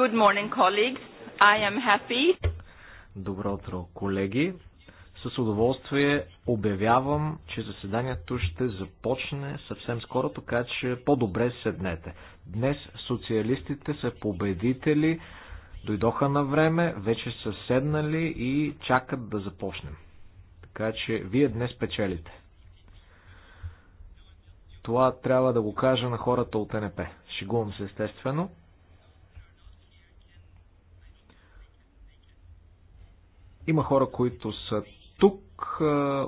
Good morning, colleagues. I am happy. Добро утро, колеги. С удоволствие обявявам, че заседанието ще започне съвсем скоро, така че по-добре седнете. Днес социалистите са победители, дойдоха на време, вече са седнали и чакат да започнем. Така че вие днес печелите. Това трябва да го кажа на хората от НП. Шегувам се естествено. Има хора, които са тук,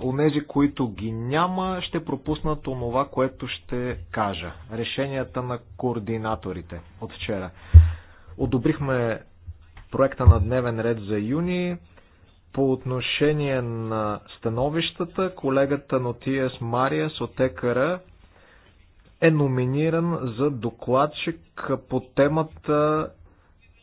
онези, които ги няма, ще пропуснат онова, което ще кажа. Решенията на координаторите от вчера. Одобрихме проекта на дневен ред за юни. По отношение на становищата, колегата Нотиас Мариас от ЕКР е номиниран за докладчик по темата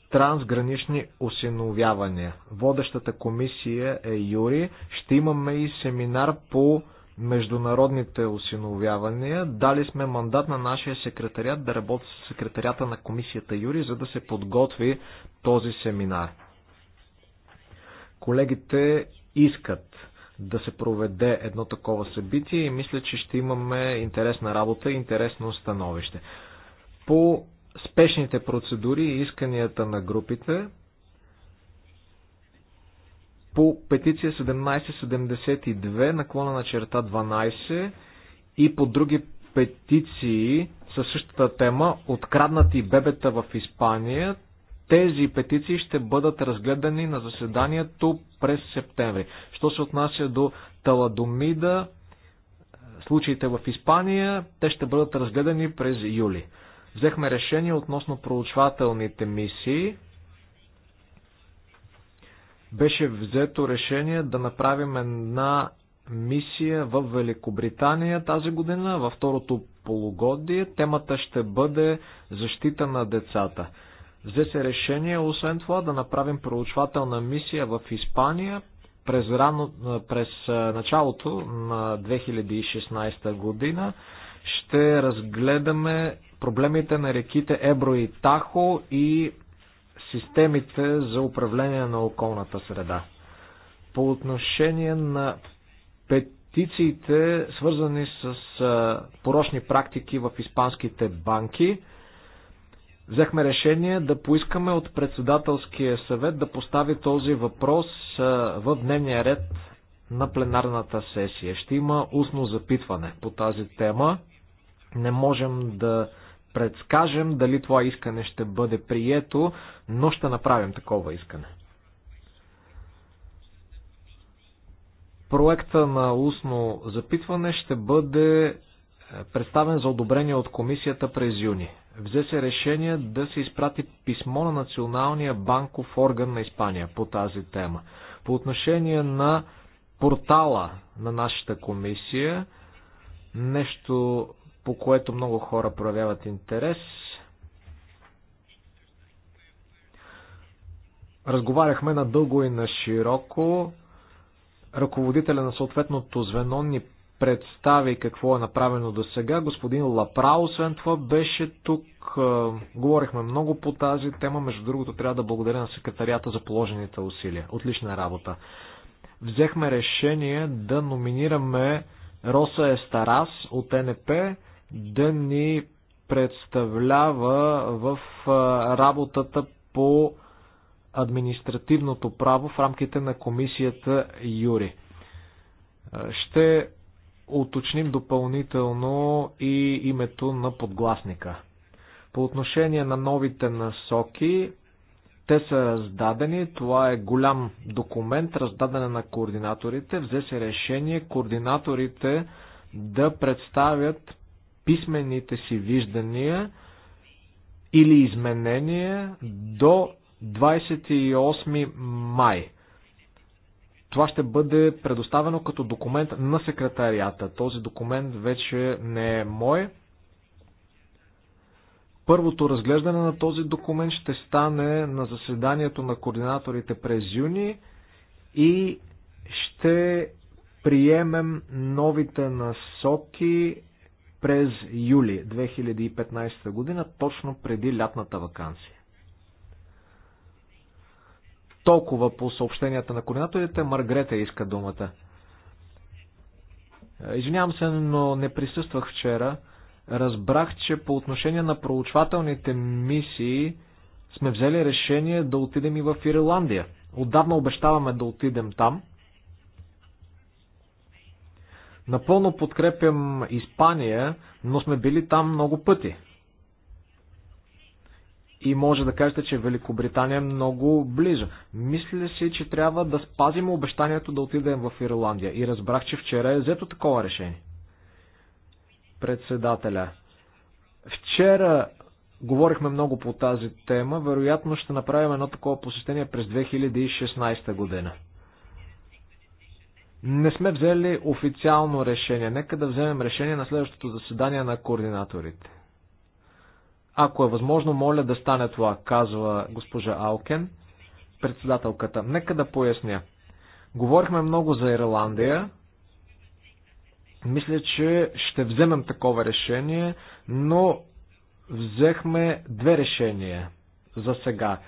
трансгранични осиновявания. Водещата комисия е Юри. Ще имаме и семинар по международните осиновявания. Дали сме мандат на нашия секретарят да работи с секретарята на комисията Юри, за да се подготви този семинар. Колегите искат да се проведе едно такова събитие и мисля, че ще имаме интересна работа и интересно становище. По спешните процедури и исканията на групите по петиция 1772 наклона на черта 12 и по други петиции със същата тема Откраднати бебета в Испания. Тези петиции ще бъдат разгледани на заседанието през септември. Що се отнася до Таладомида, случаите в Испания, те ще бъдат разгледани през юли. Взехме решение относно проучвателните мисии. Беше взето решение да направим една мисия в Великобритания тази година, във второто полугодие. Темата ще бъде защита на децата. Взе се решение, освен това, да направим проучвателна мисия в Испания през, рано, през началото на 2016 година. Ще разгледаме проблемите на реките Ебро и Тахо и системите за управление на околната среда. По отношение на петициите, свързани с порочни практики в испанските банки, взехме решение да поискаме от председателския съвет да постави този въпрос в дневния ред на пленарната сесия. Ще има устно запитване по тази тема. Не можем да предскажем дали това искане ще бъде прието, но ще направим такова искане. Проекта на устно запитване ще бъде е, представен за одобрение от комисията през юни. Взе се решение да се изпрати писмо на Националния банков орган на Испания по тази тема. По отношение на портала на нашата комисия, нещо по което много хора проявяват интерес. Разговаряхме надълго и на широко. Ръководителя на съответното звено ни представи какво е направено до сега. Господин Лапра, освен това, беше тук. Е, говорихме много по тази тема. Между другото, трябва да благодаря на секретарията за положените усилия. Отлична работа. Взехме решение да номинираме Роса Естарас от НП да ни представлява в работата по административното право в рамките на комисията Юри. Ще уточним допълнително и името на подгласника. По отношение на новите насоки, те са раздадени. Това е голям документ, раздаден на координаторите. Взе се решение координаторите да представят писмените си виждания или изменения до 28 май. Това ще бъде предоставено като документ на секретарията. Този документ вече не е мой. Първото разглеждане на този документ ще стане на заседанието на координаторите през юни и ще приемем новите насоки през юли 2015 година, точно преди лятната вакансия. Толкова по съобщенията на координаторите, Маргрета иска думата. Извинявам се, но не присъствах вчера. Разбрах, че по отношение на проучвателните мисии сме взели решение да отидем и в Ирландия. Отдавна обещаваме да отидем там – Напълно подкрепям Испания, но сме били там много пъти. И може да кажете, че Великобритания е много близо. Мисля си, че трябва да спазим обещанието да отидем в Ирландия. И разбрах, че вчера е взето такова решение. Председателя. Вчера говорихме много по тази тема. Вероятно ще направим едно такова посещение през 2016 година. Не сме взели официално решение. Нека да вземем решение на следващото заседание на координаторите. Ако е възможно, моля да стане това, казва госпожа Алкен, председателката. Нека да поясня. Говорихме много за Ирландия. Мисля, че ще вземем такова решение, но взехме две решения за сега.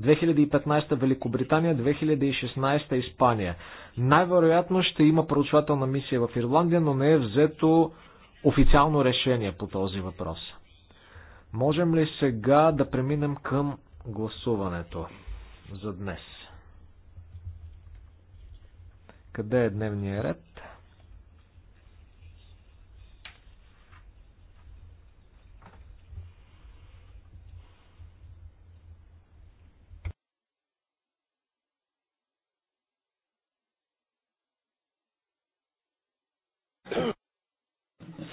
2015 Великобритания, 2016 Испания. Най-вероятно ще има проучвателна мисия в Ирландия, но не е взето официално решение по този въпрос. Можем ли сега да преминем към гласуването за днес? Къде е дневния ред?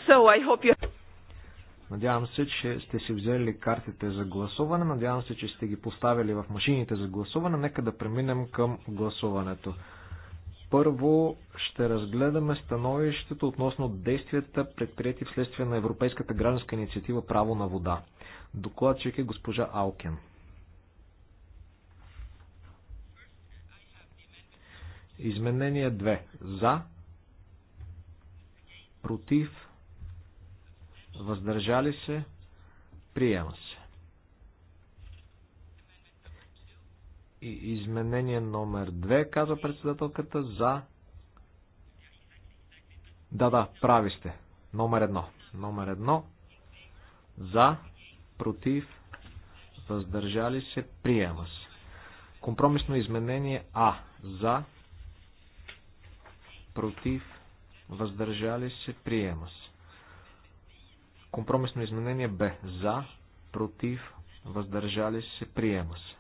So I hope you... Надявам се, че сте си взели картите за гласуване. Надявам се, че сте ги поставили в машините за гласуване. Нека да преминем към гласуването. Първо ще разгледаме становището относно действията предприяти вследствие на Европейската гражданска инициатива Право на вода. Докладчик е госпожа Алкен. Изменение 2. За. Против въздържали се, приема се. И изменение номер 2, казва председателката, за... Да, да, прави сте. Номер едно. Номер едно. За, против, въздържали се, приема се. Компромисно изменение А. За, против, въздържали се, приема се. Компромисно изменение Б. За, против, въздържали се, приема се.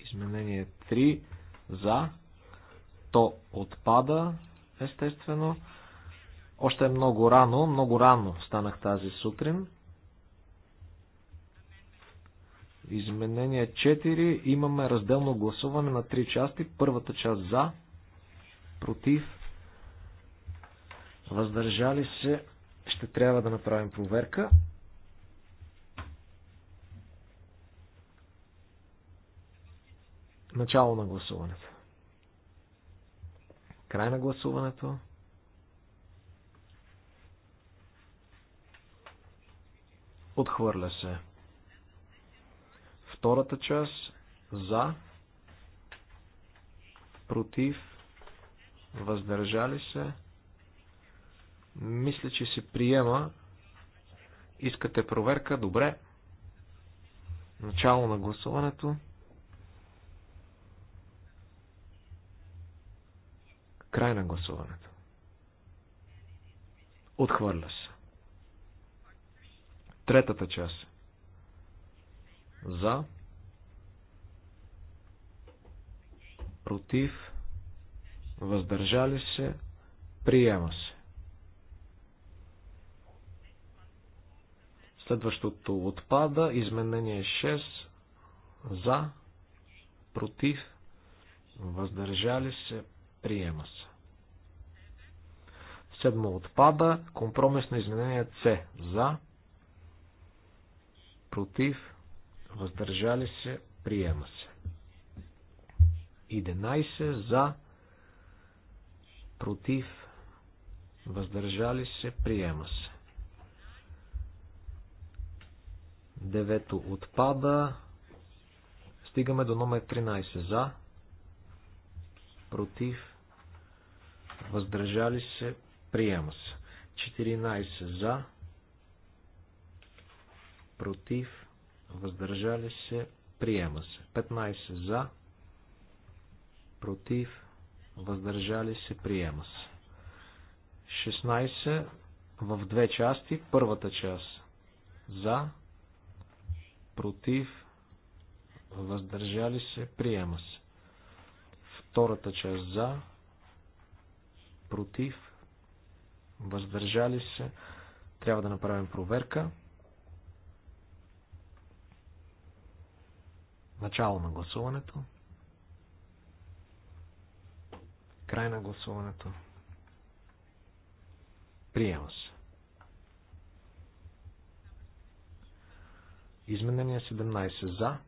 Изменение 3. За. То отпада, естествено. Още е много рано, много рано станах тази сутрин. Изменение 4. Имаме разделно гласуване на 3 части. Първата част за, против, въздържали се, ще трябва да направим проверка. Начало на гласуването. Край на гласуването. Отхвърля се. Втората част за, против, въздържали се. Мисля, че се приема. Искате проверка? Добре. Начало на гласуването. Край на гласуването. Отхвърля се. Третата част. За. Против. Въздържали се. Приема се. Следващото отпада. Изменение 6. За. Против. Въздържали се. Приема се. Седмо отпада. Компромис на изменение С. За. Против. Въздържали се. Приема се. 11. За. Против. Въздържали се. Приема се. Девето отпада. Стигаме до номер 13. За. Против. Въздържали се. Приема се. 14. За. Против. Въздържали се. Приема се. 15. За. Против. Въздържали се. Приема се. 16. В две части. Първата част. За против, въздържали се, приема се. Втората част за, против, въздържали се, трябва да направим проверка. Начало на гласуването. Край на гласуването. Приема се. Изменение 17 за,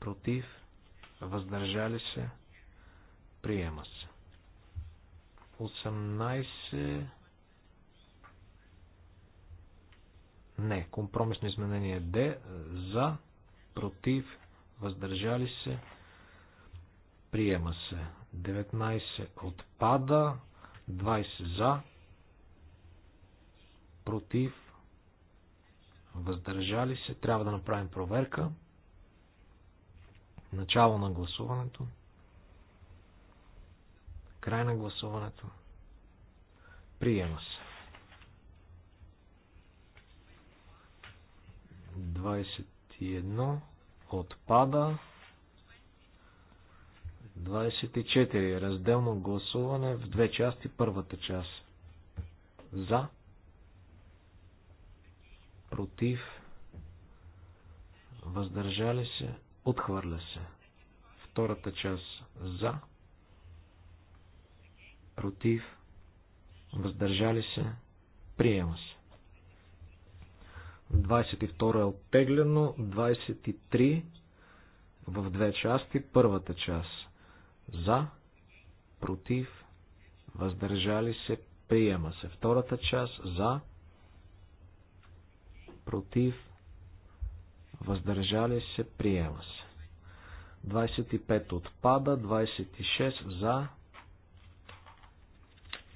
против, въздържали се, приема се. 18 не, компромисно изменение Д за, против, въздържали се, приема се. 19 отпада, 20 за, против, въздържали се, трябва да направим проверка. Начало на гласуването. Край на гласуването. Приема се. 21 отпада. 24. Разделно гласуване в две части. Първата част. За против, въздържали се, отхвърля се. Втората част за, против, въздържали се, приема се. 22 е оттеглено, 23 в две части. Първата част за, против, въздържали се, приема се. Втората част за, против, въздържали се, приема се. 25 отпада, 26 за,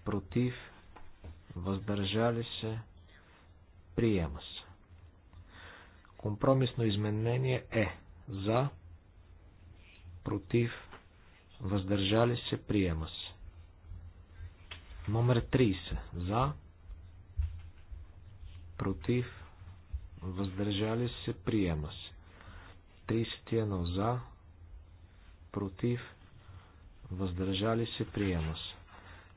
против, въздържали се, приема се. Компромисно изменение е за, против, въздържали се, приема се. Номер 30 за, против, въздържали се, приема се. 31 за, против, въздържали се, приема се.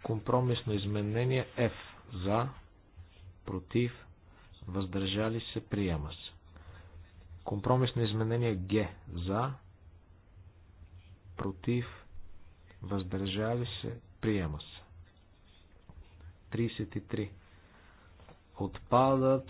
Компромисно изменение F за, против, въздържали се, приема се. Компромисно изменение Г за, против, въздържали се, приема се. 33. Отпадат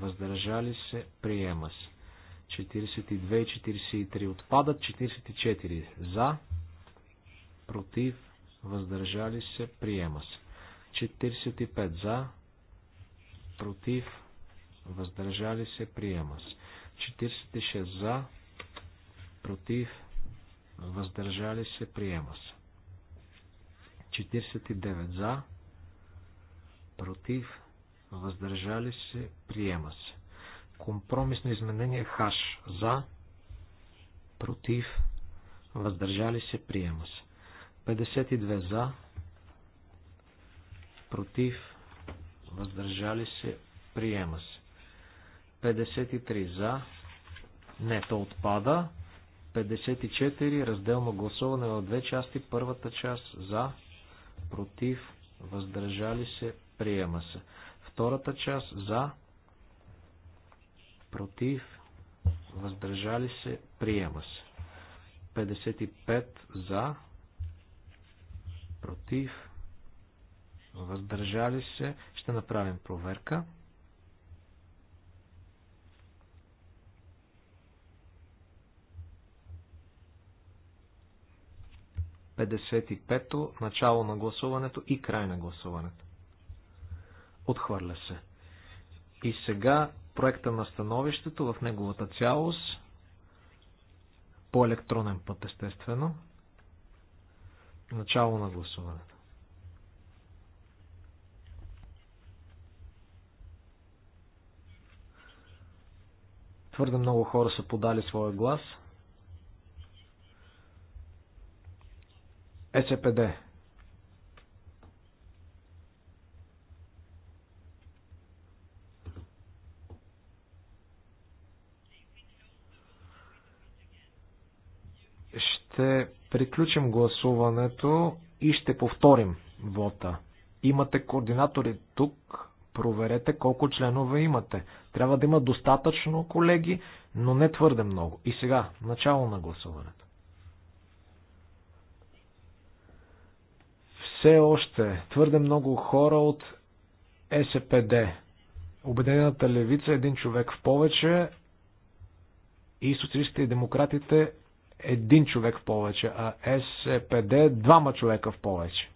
въздържали се, приема се. 42 и 43 отпадат, 44 за, против, въздържали се, приема се. 45 за, против, въздържали се, приема се. 46 за, против, въздържали се, приема се. 49 за, против, въздържали се, приема се. Компромисно изменение хаш за, против, въздържали се, приема се. 52 за, против, въздържали се, приема се. 53 за, не, то отпада. 54 разделно гласуване в две части. Първата част за, против, въздържали се, приема се. Втората част за, против, въздържали се, приема се. 55 за, против, въздържали се, ще направим проверка. начало на гласуването и край на гласуването. Отхвърля се. И сега проекта на становището в неговата цялост по електронен път, естествено. Начало на гласуването. Твърде много хора са подали своя глас. СПД ще приключим гласуването и ще повторим вота. Имате координатори тук, проверете колко членове имате. Трябва да има достатъчно колеги, но не твърде много. И сега, начало на гласуването. Все още твърде много хора от СПД. Обединената левица един човек в повече и социалистите и демократите един човек в повече, а СПД двама човека в повече.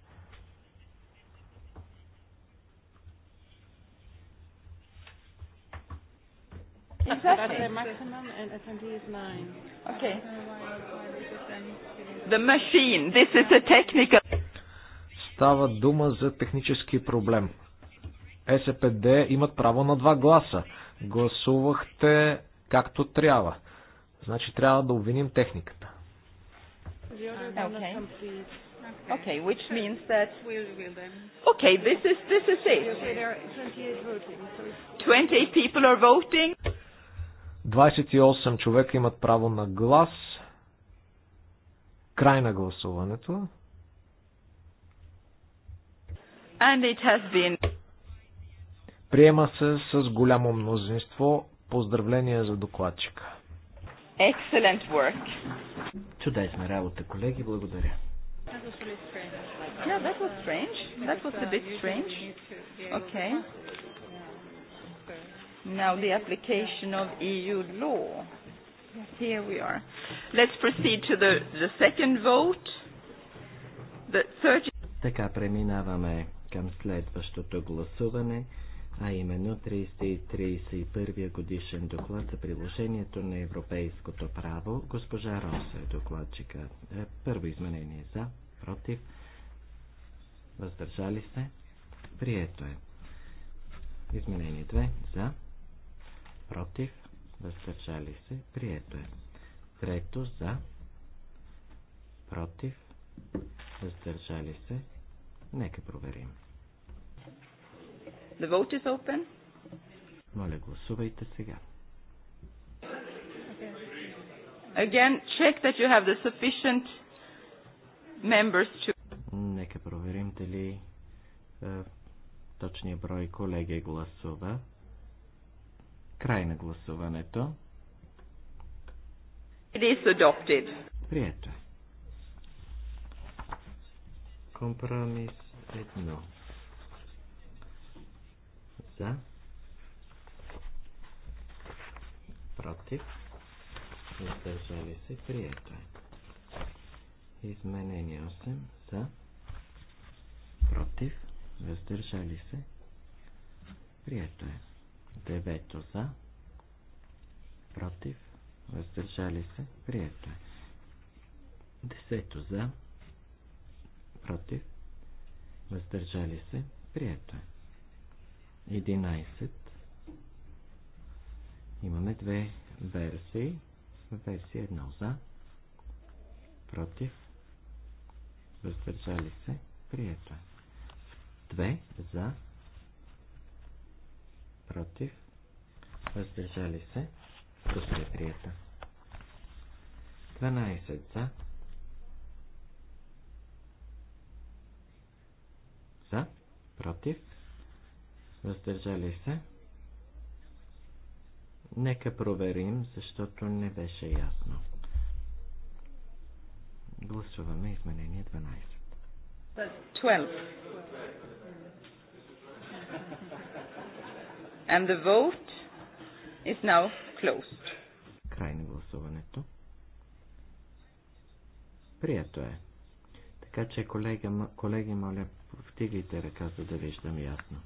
Става дума за технически проблем. СПД имат право на два гласа. Гласувахте както трябва. Значи трябва да обвиним техниката. Okay. which means that Okay, this is this is it. 28 people are voting. 28 човека имат право на глас. Край на гласуването. And it has been... Приема се с голямо мнозинство. Поздравления за докладчика. Excellent work. Чудесна работа, колеги. Благодаря. Yeah, that was strange. That was a bit strange. Okay. Now the application of EU law. Here we are. Let's proceed to the, the second vote. The third Така преминаваме към следващото гласуване а именно 331 годишен доклад за приложението на европейското право. Госпожа Роса е докладчика. Е, първо изменение за, против, въздържали се, прието е. Изменение 2 за, против, въздържали се, прието е. Трето за, против, въздържали се, нека проверим. The vote is open. Моля, гласувайте сега. Again, check that you have the sufficient members to... Нека проверим дали е, точния брой колеги гласува. Край на гласуването. It is adopted. Прието. Компромис едно за, против, въздържали се, прието е. Изменение 8 за, против, въздържали се, прието е. Девето за, против, въздържали се, прието е. Десето за, против, въздържали се, прието е. 11. Имаме две версии. Версия едно за, против, въздържали се, приятел. Две за, против, въздържали се, също е 12 за, за, против, въздържали се. Нека проверим, защото не беше ясно. Гласуваме изменение 12. 12. And the vote is now closed. Край на гласуването. Прието е. Така че, колеги, моля, втигайте ръка, за да виждам ясно.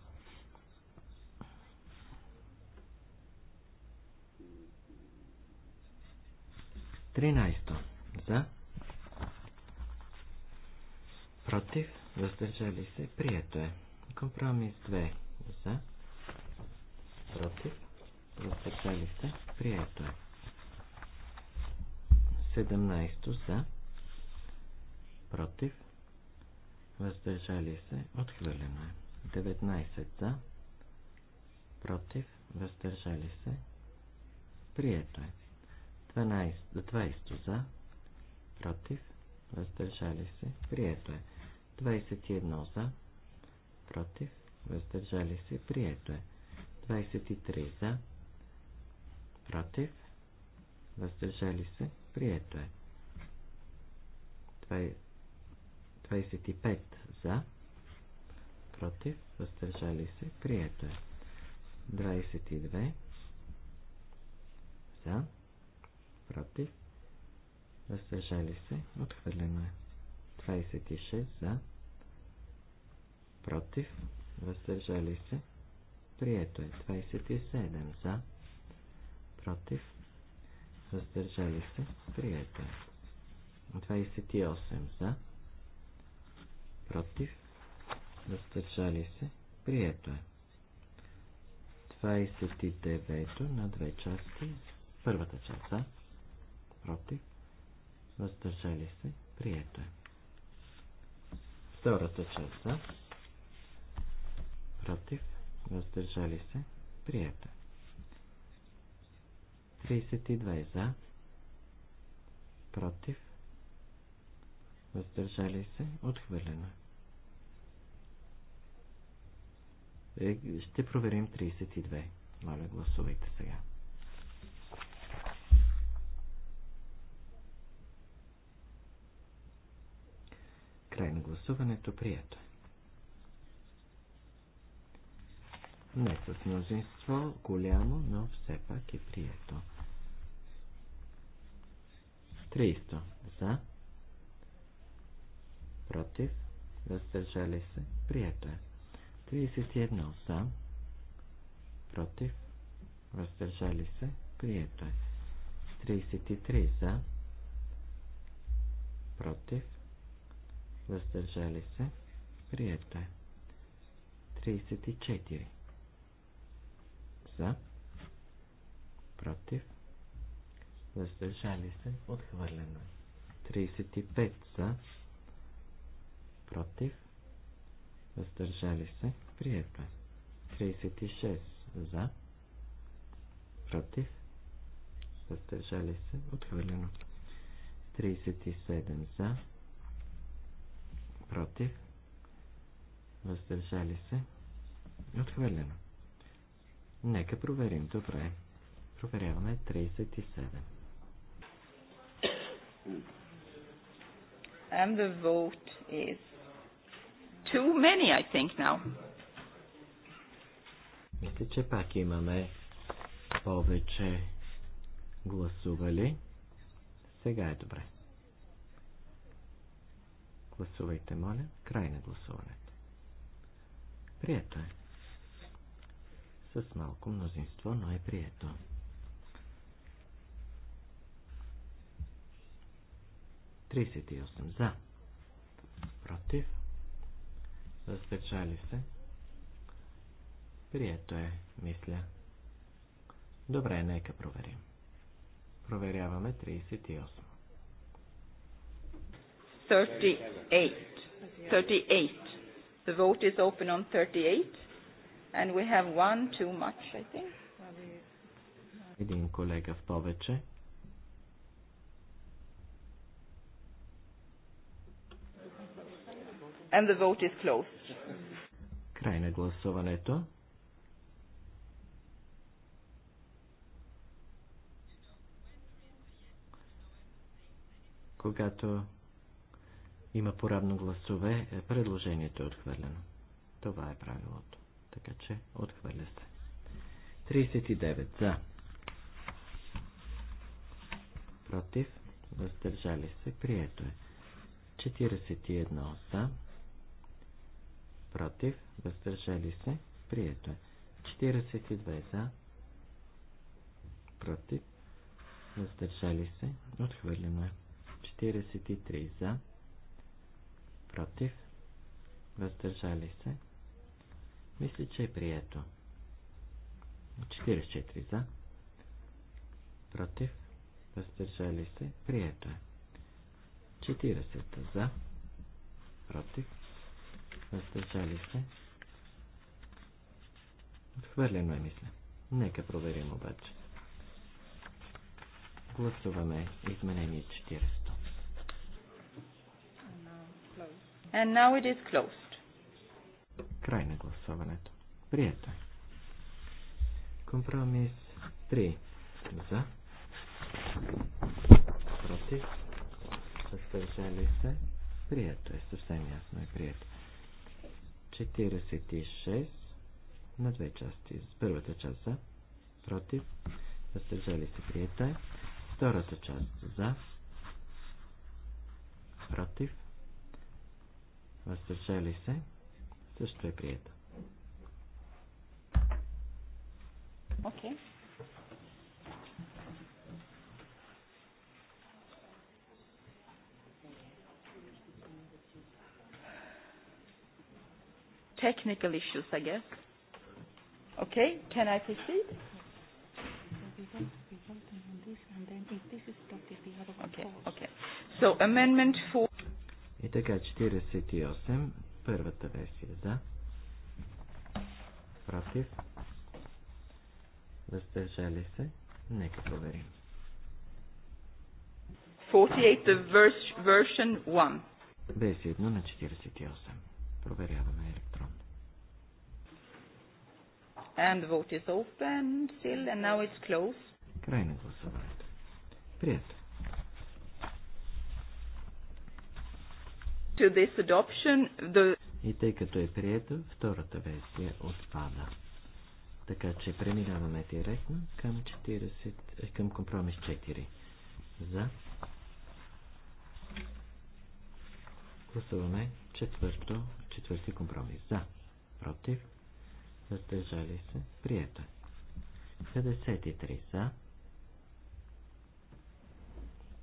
13. За. Против. Въздържали се. Прието е. Компромис 2. За. Против. Въздържали се. Прието е. 17. За. Против. Въздържали се. Отхвърлено е. 19. За. Против. Въздържали се. Прието е. 12, 20 за, против, въздържали се, прието е. 21 за, против, въздържали се, прието е. 23 за, против, въздържали се, прието е. 25 за, против, въздържали се, прието е. 22 за, против, въздържали се, отхвърлено е. 26 за, против, въздържали се, прието е. 27 за, против, въздържали се, прието е. 28 за, против, въздържали се, прието е. 29 на две части, първата част за, против, въздържали се, прието е. Втората част за, против, въздържали се, прието е. 32 за, против, въздържали се, отхвърлено е. е ще проверим 32. Моля, гласувайте сега. Край на гласуването. Прието е. Не с мнозинство, голямо, но все пак е прието. 300. За. Против. Въздържали се. Прието е. 31. За. Против. Въздържали се. Прието е. 33. За. Против въздържали се, прието е. 34. За, против, въздържали се, отхвърлено е. 35. За, против, въздържали се, прието е. 36. За, против, въздържали се, отхвърлено. 37 за, против, въздържали се, отхвърлено. Нека проверим, добре. Проверяваме 37. And the vote is too many, I think, now. Мисля, че пак имаме повече гласували. Сега е добре. Гласувайте, моля. Край на гласуването. Прието е. С малко мнозинство, но е прието. Тридесет и осем за. Против. Въздържали се. Прието е, мисля. Добре, нека проверим. Проверяваме 38. 38. 38. The vote is open on 38, and we have one too much, I think. Един колега в повече. And the vote is closed. Край на гласуването. Когато има поравно гласове, е, предложението е отхвърлено. Това е правилото. Така че отхвърля се. 39 за. Против. Въздържали се. Прието е. 41 за. Против. Въздържали се. Прието е. 42 за. Против. Въздържали се. Отхвърлено е. 43 за против, въздържали се. Мисля, че е прието. 44 за, против, въздържали се, прието е. 40 за, против, въздържали се. Отхвърлено е, мисля. Нека проверим обаче. Гласуваме изменение 40. And now it is closed. Край на гласуването. Прието. Е. Компромис 3. За. Против. Въздържали се. Прието е. Съвсем ясно е прието. 46 на две части. Първата част за. Против. Въздържали се. Прието е. Втората част за. Против въздържали се, също е прието. Окей. Okay. Technical issues, I guess. Okay, can I proceed? Okay, okay. So amendment four. И така, 48, първата версия за, против, въздържали се, нека проверим. 48 version 1. Версия 1 на 48. Проверяваме електронно. And the vote is open still and now it's closed. Край на гласуването. Приятно. to this adoption, the... И тъй като е прието, втората версия отпада. Така че преминаваме директно към, 40, е, към компромис 4. За. Гласуваме четвърто, четвърти компромис. За. Против. Въздържали се. Прието. 53 за.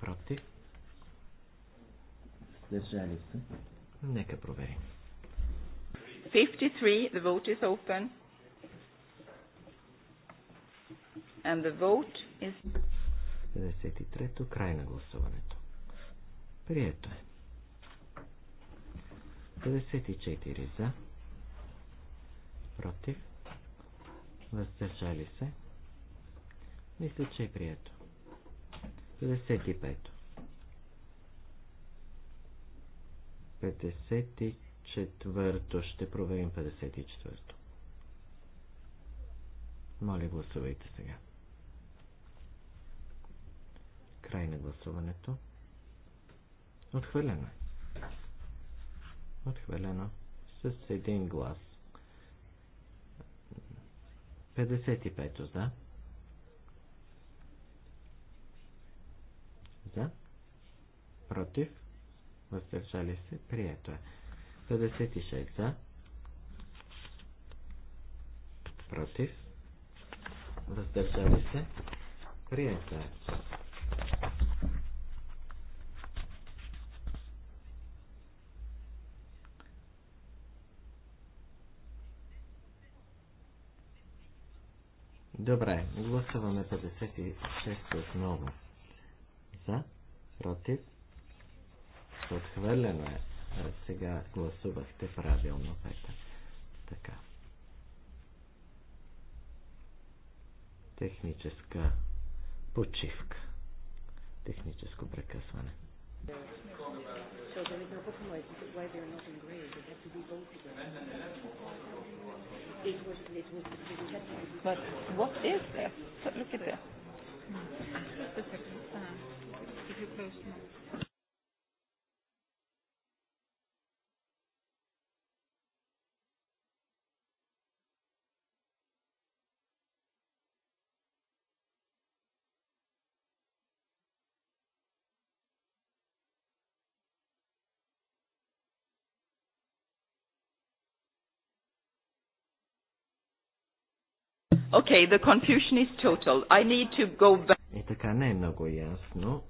Против Въздържали се. Нека проверим. 53, the vote is open. And the vote is... 53-то, край на гласуването. Прието е. 54 за. Против. Въздържали се. Мисля, че е прието. 55. 54-то. Ще проверим 54-то. Моля, гласувайте сега. Край на гласуването. Отхвърлено е. Отхвърлено с един глас. 55-то за. За. Против въздържали се, прието е. 56 за, против, въздържали се, прието е. Добре, гласуваме 56 отново. За, против, Отхвърлено е. Сега гласувахте правилно, Петър. Така. Техническа почивка. Техническо прекъсване. So there is no compromise. This is why they are not in grey. They have to be voted on. It was, it was, it had to be. But what is there? So look at there. Just a second. Uh, if you close now. Okay, the confusion is total. I need to go back. И е, така не е много ясно.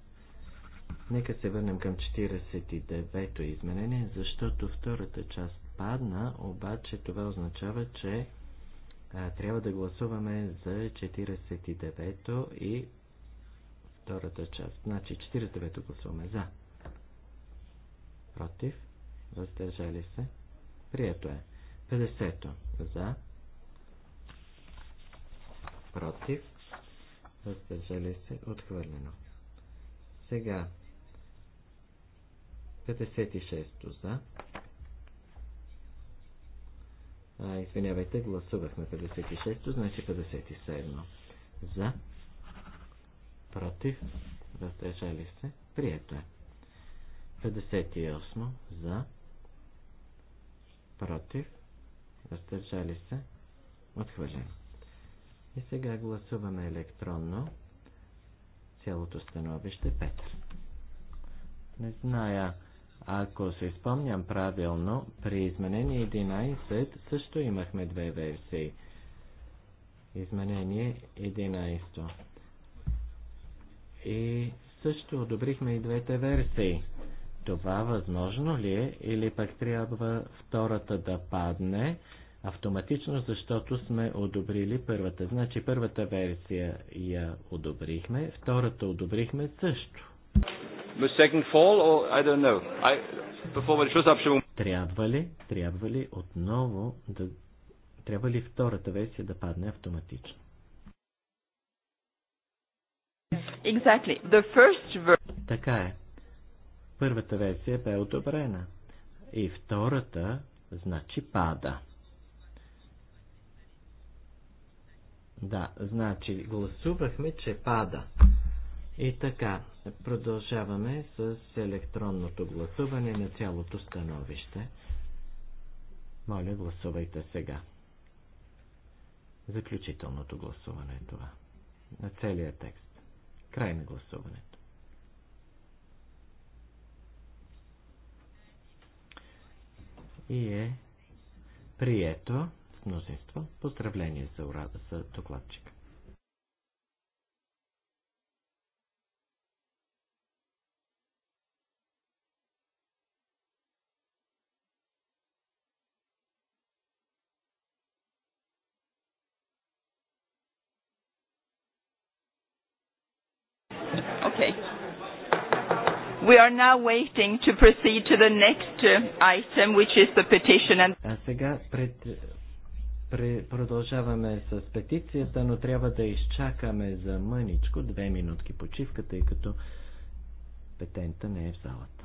Нека се върнем към 49-то изменение, защото втората част падна, обаче това означава, че а, трябва да гласуваме за 49-то и втората част. Значи 49-то гласуваме за. Против. Въздържали се. Прието е. 50-то. За против, въздържали се, отхвърлено. Сега 56-то за. А, извинявайте, гласувахме 56-то, значи 57-то. За. Против. Въздържали се. Прието е. 58 за. Против. Въздържали се. Отхвърлено. И сега гласуваме електронно цялото становище Петър. Не зная, ако се спомням правилно, при изменение 11 също имахме две версии. Изменение 11. И също одобрихме и двете версии. Това възможно ли е или пък трябва втората да падне, автоматично, защото сме одобрили първата. Значи първата версия я одобрихме, втората одобрихме също. Трябва ли, трябва ли отново да... Трябва ли втората версия да падне автоматично? Exactly. The first така е. Първата версия бе одобрена. И втората, значи пада. Да, значи гласувахме, че пада. И така, продължаваме с електронното гласуване на цялото становище. Моля, гласувайте сега. Заключителното гласуване е това. На целия текст. Край на гласуването. И е прието мнозинство. Поздравление за, урада за докладчика. Okay. We are now waiting to proceed to the next item, which is the petition and... А сега пред, Продължаваме с петицията, но трябва да изчакаме за мъничко две минутки почивка, тъй като петента не е в залата.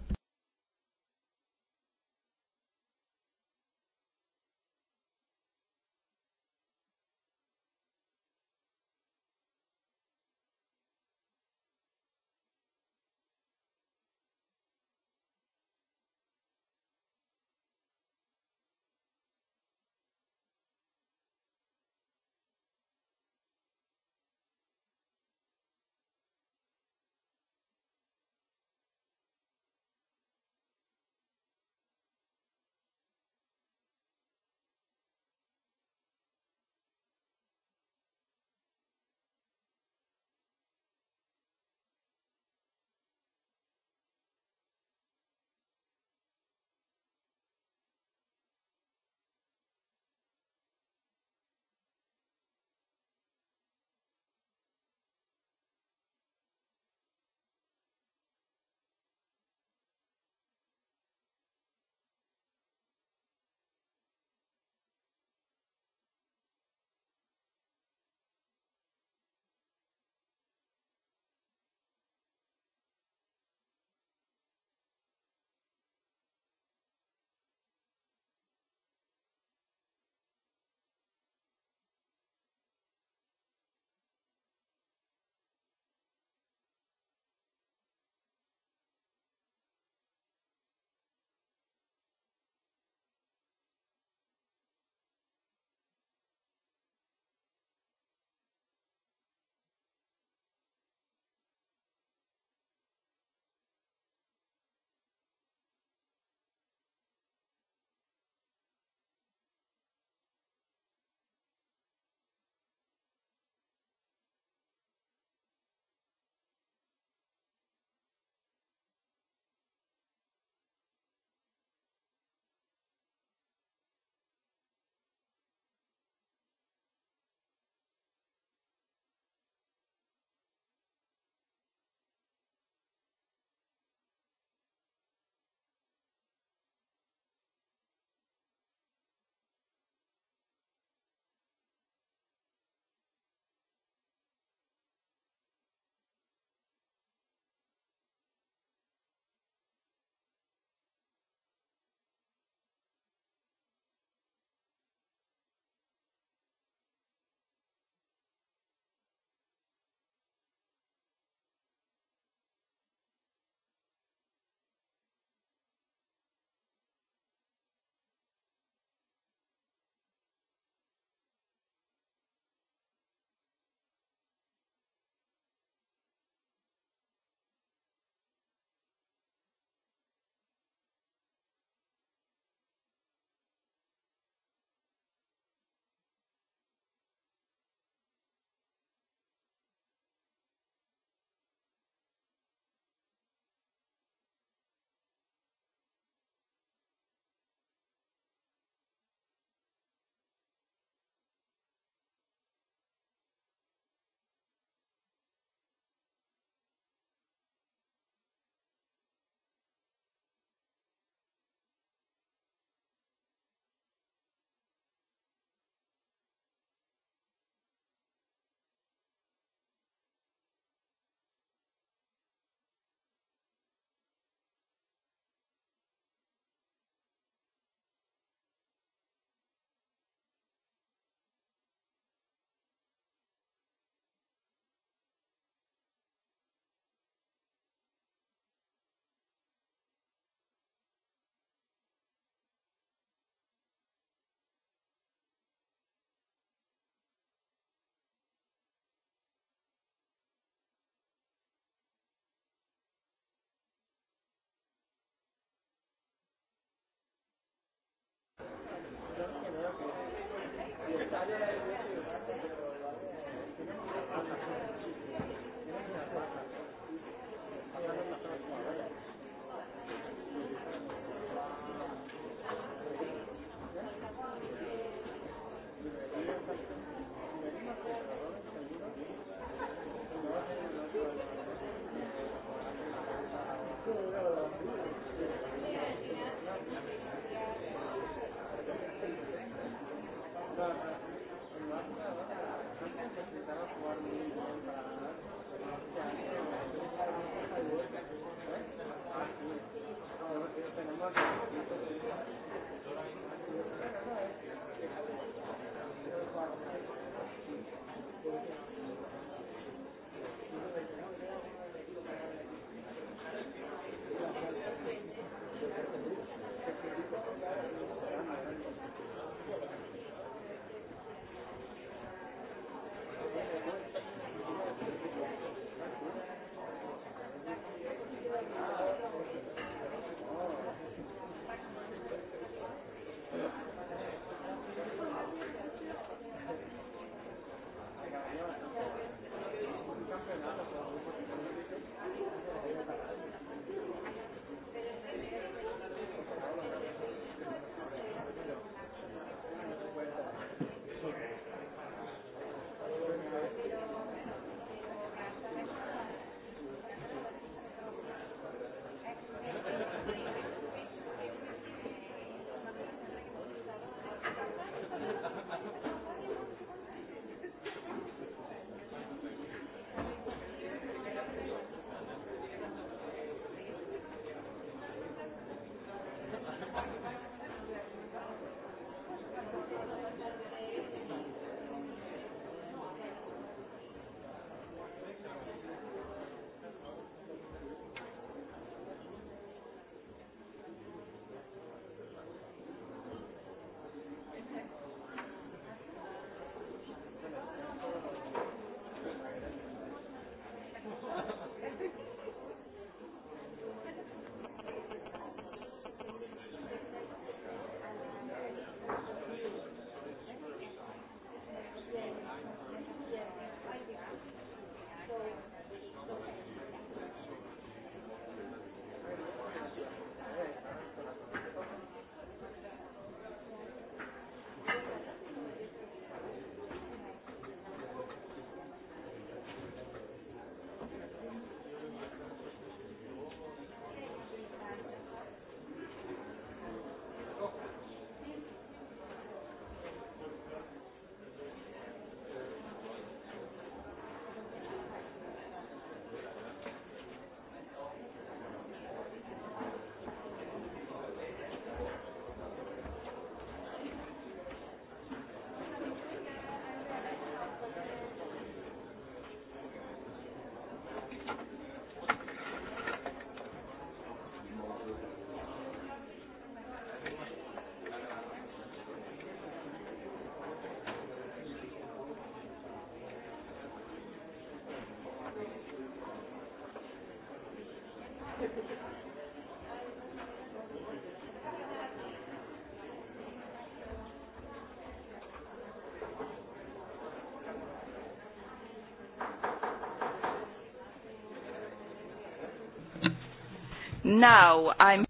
Now I'm...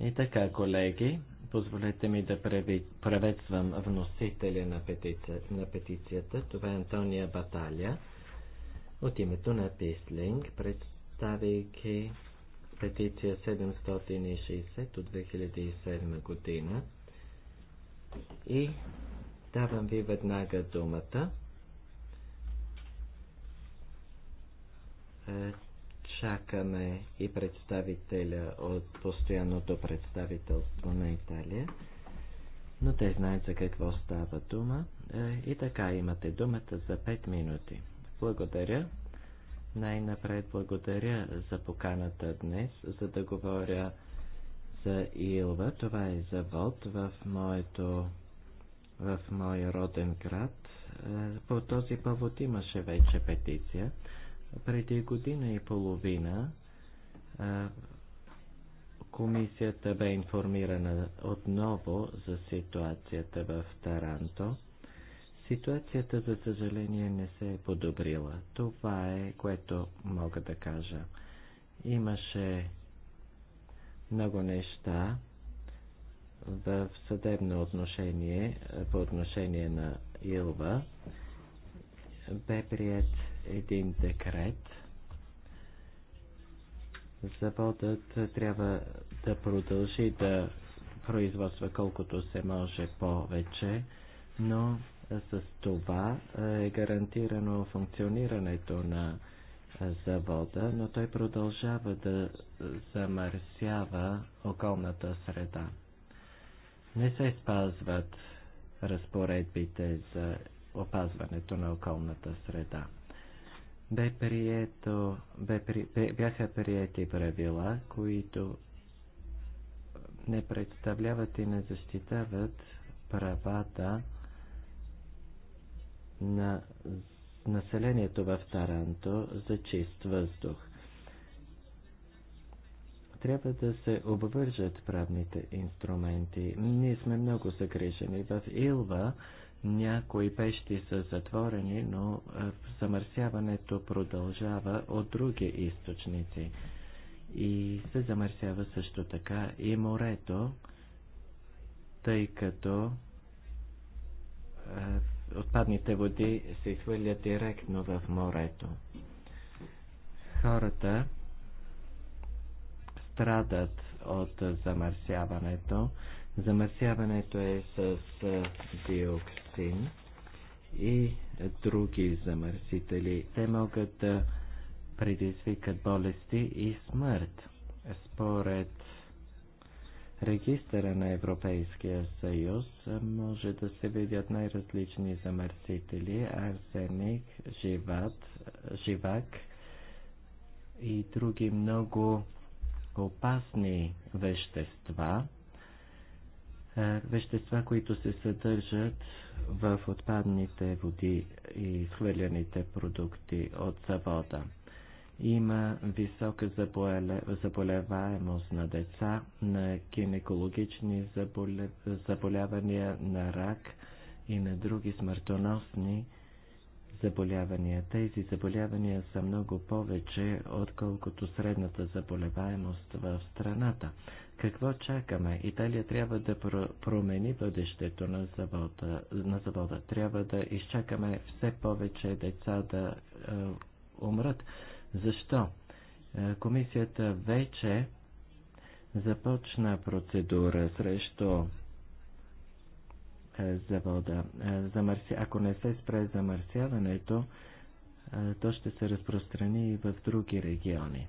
И така, колеги, позволете ми да приветствам вносителя на, петиция, на петицията. Това е Антония Баталя от името на Пислинг, представяйки петиция 760 от 2007 година и давам ви веднага думата. Е, чакаме и представителя от постоянното представителство на Италия, но те знаят за какво става дума е, и така имате думата за 5 минути. Благодаря. Най-напред благодаря за поканата днес, за да говоря за Илва. Това е завод в, моето, в мой роден град. Е, по този повод имаше вече петиция. Преди година и половина е, комисията бе информирана отново за ситуацията в Таранто. Ситуацията, за съжаление, не се е подобрила. Това е, което мога да кажа. Имаше много неща в съдебно отношение, по отношение на Илва. Бе прият един декрет. Заводът трябва да продължи да производства колкото се може повече, но с това е гарантирано функционирането на е, завода, но той продължава да замърсява околната среда. Не се спазват разпоредбите за опазването на околната среда. Бе прието, бе, бе, бяха приети правила, които не представляват и не защитават правата на населението в Таранто за чист въздух. Трябва да се обвържат правните инструменти. Ние сме много загрижени. В Илва някои пещи са затворени, но замърсяването продължава от други източници. И се замърсява също така и морето, тъй като отпадните води се изхвърлят директно в морето. Хората страдат от замърсяването. Замърсяването е с диоксин и други замърсители. Те могат да предизвикат болести и смърт. Според регистъра на Европейския съюз може да се видят най-различни замърсители – арсеник, живат, живак и други много опасни вещества, вещества, които се съдържат в отпадните води и хвърляните продукти от завода. Има висока заболеваемост на деца, на гинекологични заболявания, на рак и на други смъртоносни заболявания. Тези заболявания са много повече, отколкото средната заболеваемост в страната. Какво чакаме? Италия трябва да промени бъдещето на завода. На завода. Трябва да изчакаме все повече деца да е, умрат. Защо? Е, комисията вече започна процедура срещу е, завода. Е, Замърся... Ако не се спре замърсяването, то ще се разпространи и в други региони.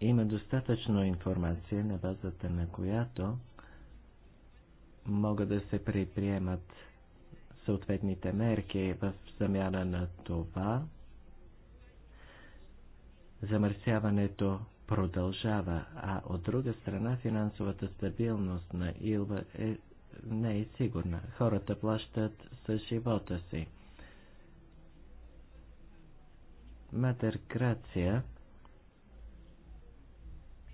Има достатъчно информация, на базата на която могат да се предприемат съответните мерки в замяна на това. Замърсяването продължава, а от друга страна финансовата стабилност на Илва е, не е сигурна. Хората плащат с живота си. Матер Грация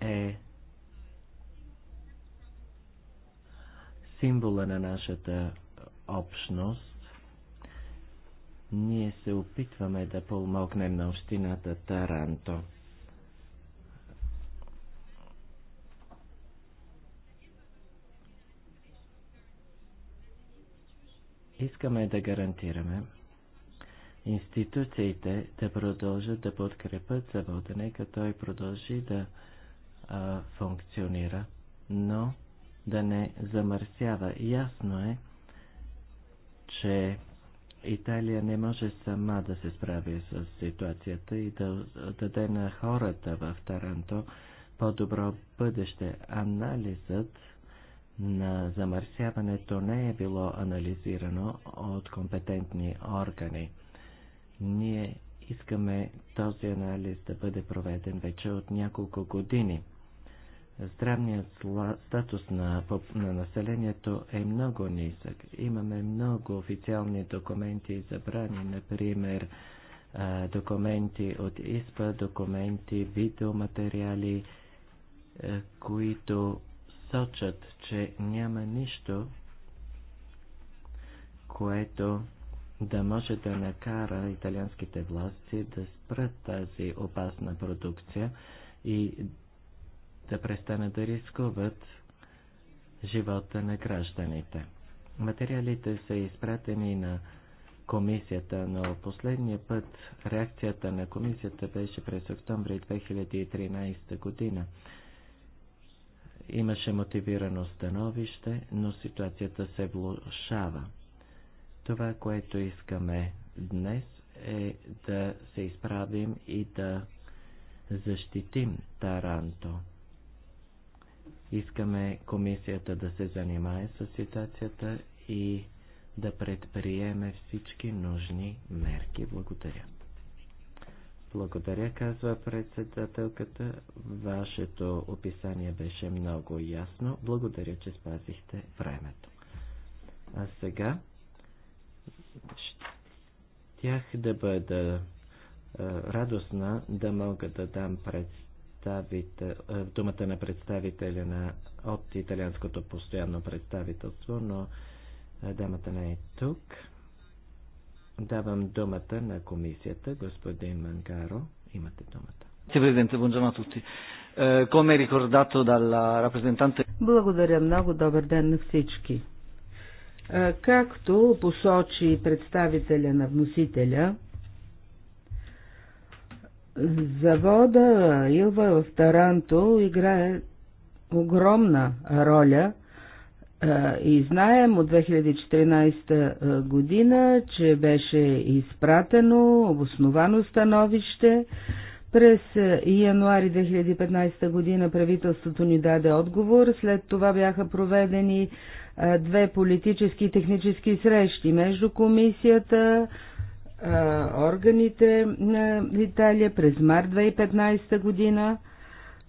е символа на нашата общност, ние се опитваме да помогнем на общината Таранто. Искаме да гарантираме институциите да продължат да подкрепят завода, нека той продължи да а, функционира, но да не замърсява. Ясно е, че Италия не може сама да се справи с ситуацията и да даде на хората в Таранто по-добро бъдеще. Анализът на замърсяването не е било анализирано от компетентни органи. Ние искаме този анализ да бъде проведен вече от няколко години здравният статус на, на населението е много нисък. Имаме много официални документи и забрани, например документи от ИСПА, документи, видеоматериали, които сочат, че няма нищо, което да може да накара италианските власти да спрат тази опасна продукция и да престанат да рискуват живота на гражданите. Материалите са изпратени на комисията, но последния път реакцията на комисията беше през октомври 2013 година. Имаше мотивирано становище, но ситуацията се влушава. Това, което искаме днес е да се изправим и да защитим Таранто. Искаме комисията да се занимае с ситуацията и да предприеме всички нужни мерки. Благодаря. Благодаря, казва председателката. Вашето описание беше много ясно. Благодаря, че спазихте времето. А сега щях да бъда радостна да мога да дам представление е, думата на представителя на, от италианското постоянно представителство, но е, дамата не е тук. Давам думата на комисията. Господин Мангаро, имате думата. Е, Благодаря много. Добър ден на всички. Както посочи представителя на вносителя, Завода Илва в Таранто играе огромна роля и знаем от 2014 година, че беше изпратено обосновано становище. През януари 2015 година правителството ни даде отговор, след това бяха проведени две политически и технически срещи между комисията, органите на Италия през март 2015 година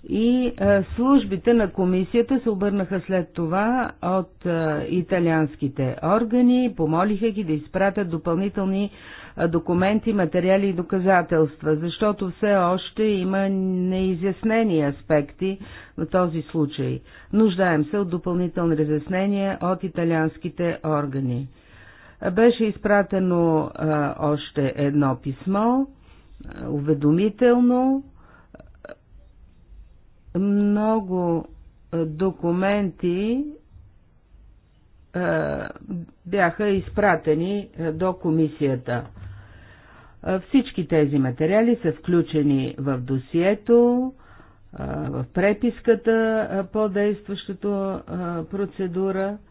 и службите на комисията се обърнаха след това от италианските органи, помолиха ги да изпратят допълнителни документи, материали и доказателства, защото все още има неизяснени аспекти на този случай. Нуждаем се от допълнителни разяснения от италианските органи. Беше изпратено още едно писмо, уведомително. Много документи бяха изпратени до комисията. Всички тези материали са включени в досието, в преписката по действащата процедура –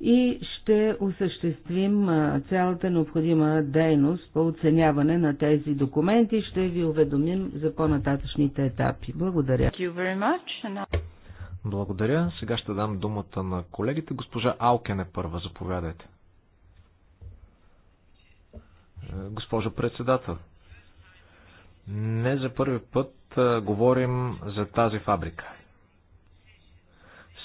и ще осъществим цялата необходима дейност по оценяване на тези документи и ще ви уведомим за по-нататъчните етапи. Благодаря. Благодаря. Сега ще дам думата на колегите. Госпожа Алкен е първа. Заповядайте. Е, госпожо председател, не за първи път е, говорим за тази фабрика.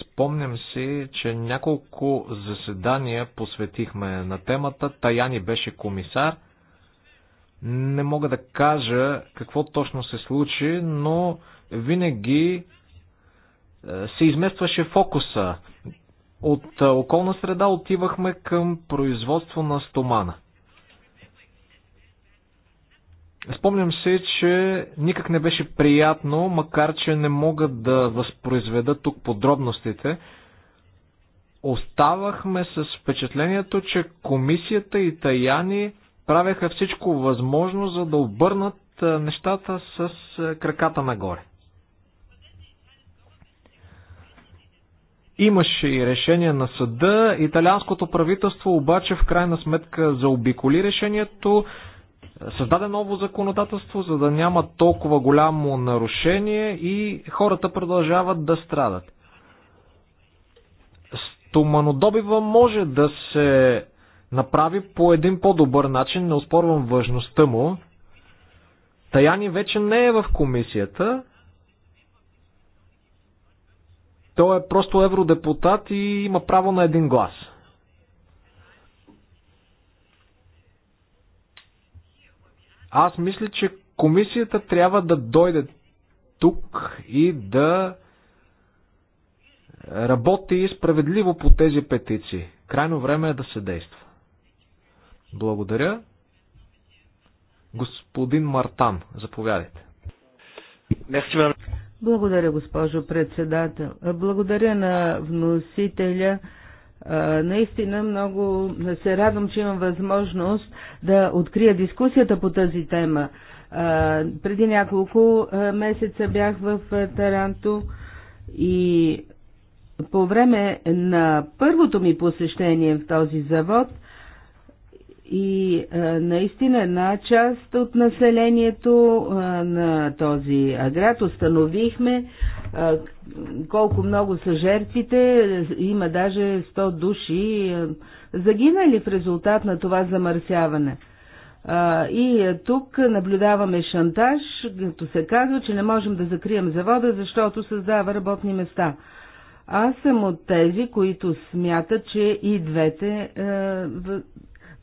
Спомням си, че няколко заседания посветихме на темата. Таяни беше комисар. Не мога да кажа какво точно се случи, но винаги е, се изместваше фокуса. От е, околна среда отивахме към производство на стомана. Спомням се, че никак не беше приятно, макар че не мога да възпроизведа тук подробностите. Оставахме с впечатлението, че комисията и Таяни правеха всичко възможно, за да обърнат нещата с краката нагоре. Имаше и решение на съда. Италианското правителство обаче в крайна сметка заобиколи решението създаде ново законодателство, за да няма толкова голямо нарушение и хората продължават да страдат. Стоманодобива може да се направи по един по-добър начин, не успорвам важността му. Таяни вече не е в комисията. Той е просто евродепутат и има право на един глас. Аз мисля, че комисията трябва да дойде тук и да работи справедливо по тези петиции. Крайно време е да се действа. Благодаря. Господин Мартан, заповядайте. Благодаря, госпожо председател. Благодаря на вносителя Наистина много се радвам, че имам възможност да открия дискусията по тази тема. Преди няколко месеца бях в Таранто и по време на първото ми посещение в този завод – и а, е, наистина една част от населението а, е, на този е, град установихме а, колко много са жертвите. Има даже 100 души а, загинали в резултат на това замърсяване. А, и а, тук наблюдаваме шантаж, като се казва, че не можем да закрием завода, защото създава работни места. Аз съм от тези, които смятат, че и двете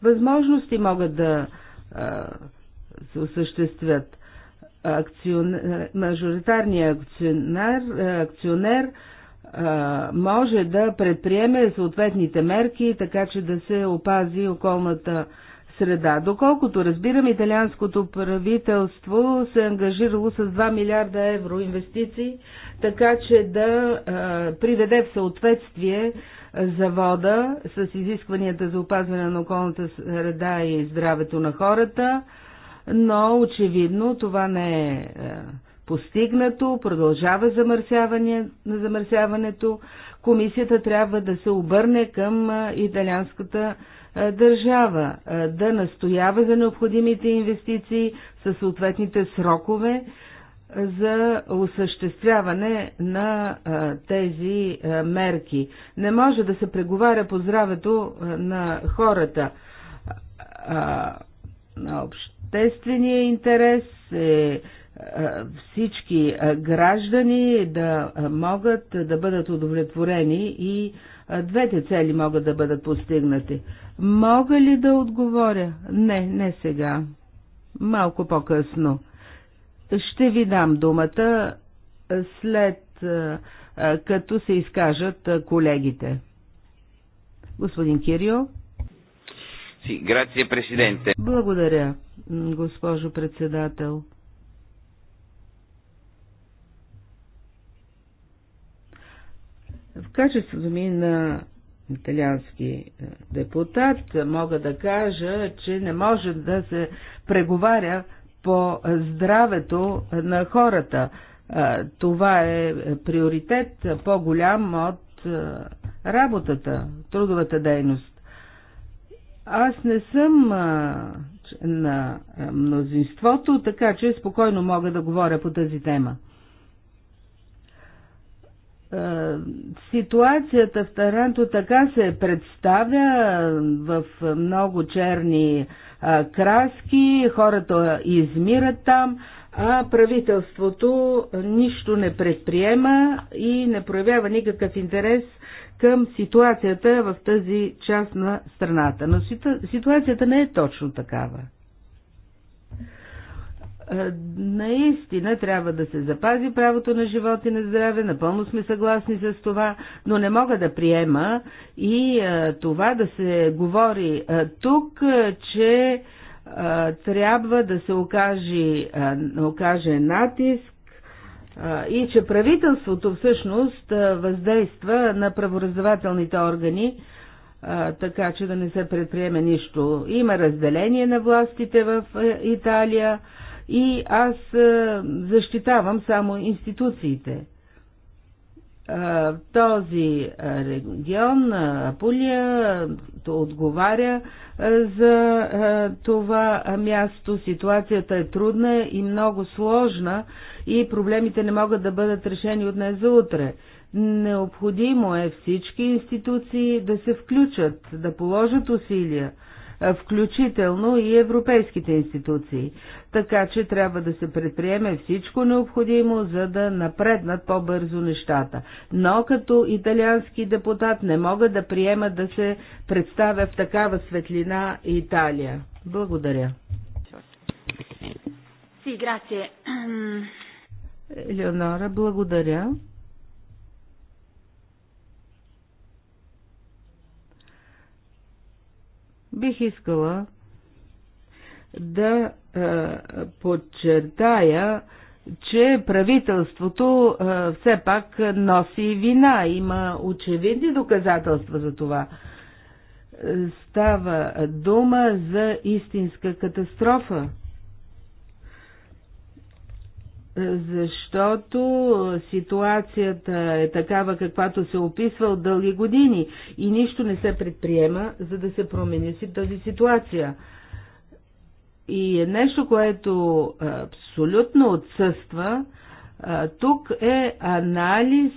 възможности могат да а, се осъществят. Акционер, мажоритарният акционер, акционер а, може да предприеме съответните мерки, така че да се опази околната среда. Доколкото разбирам, италианското правителство се е ангажирало с 2 милиарда евро инвестиции, така че да а, приведе в съответствие завода с изискванията за опазване на околната среда и здравето на хората, но очевидно това не е, е постигнато, продължава замърсяване, замърсяването. Комисията трябва да се обърне към е, италианската е, държава, да настоява за необходимите инвестиции със съответните срокове, за осъществяване на тези мерки. Не може да се преговаря по здравето на хората. На обществения интерес е всички граждани да могат да бъдат удовлетворени и двете цели могат да бъдат постигнати. Мога ли да отговоря? Не, не сега. Малко по-късно. Ще ви дам думата след като се изкажат колегите. Господин Кирио. Си, грация, президенте. Благодаря, госпожо председател. В качеството ми на италиански депутат мога да кажа, че не може да се преговаря по здравето на хората. Това е приоритет по-голям от работата, трудовата дейност. Аз не съм на мнозинството, така че спокойно мога да говоря по тази тема. Ситуацията в Таранто така се представя в много черни краски, хората измират там, а правителството нищо не предприема и не проявява никакъв интерес към ситуацията в тази част на страната. Но ситуацията не е точно такава. Е, наистина трябва да се запази правото на живот и на здраве, напълно сме съгласни с това, но не мога да приема и а, е, това да се говори а, е, тук, а, че а, трябва да се окаже, а, окаже натиск и че правителството всъщност въздейства на правораздавателните органи, така че да не се предприеме нищо. Има разделение на властите в Италия и аз е, защитавам само институциите. Е, този регион, е, Апулия, отговаря за това място. Ситуацията е трудна и много сложна и проблемите не могат да бъдат решени от днес за утре. Необходимо е всички институции да се включат, да положат усилия включително и европейските институции. Така че трябва да се предприеме всичко необходимо, за да напреднат по-бързо нещата. Но като италиански депутат не мога да приема да се представя в такава светлина Италия. Благодаря. Си, грация. Леонора, благодаря. Бих искала да подчертая, че правителството все пак носи вина. Има очевидни доказателства за това. Става дума за истинска катастрофа защото ситуацията е такава, каквато се описва от дълги години и нищо не се предприема, за да се промени си тази ситуация. И е нещо, което абсолютно отсъства, тук е анализ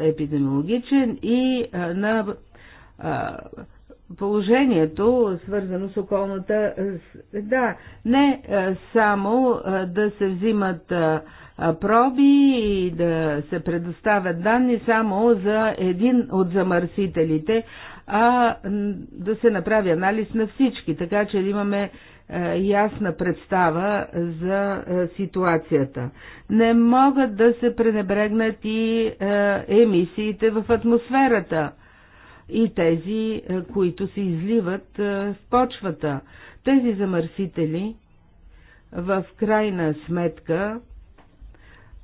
епидемиологичен и на положението, свързано с околната среда. Не е, само е, да се взимат е, проби и да се предоставят данни само за един от замърсителите, а да се направи анализ на всички, така че да имаме ясна представа за ситуацията. Не могат да се пренебрегнат и емисиите в атмосферата и тези, е, които се изливат е, в почвата. Тези замърсители в крайна сметка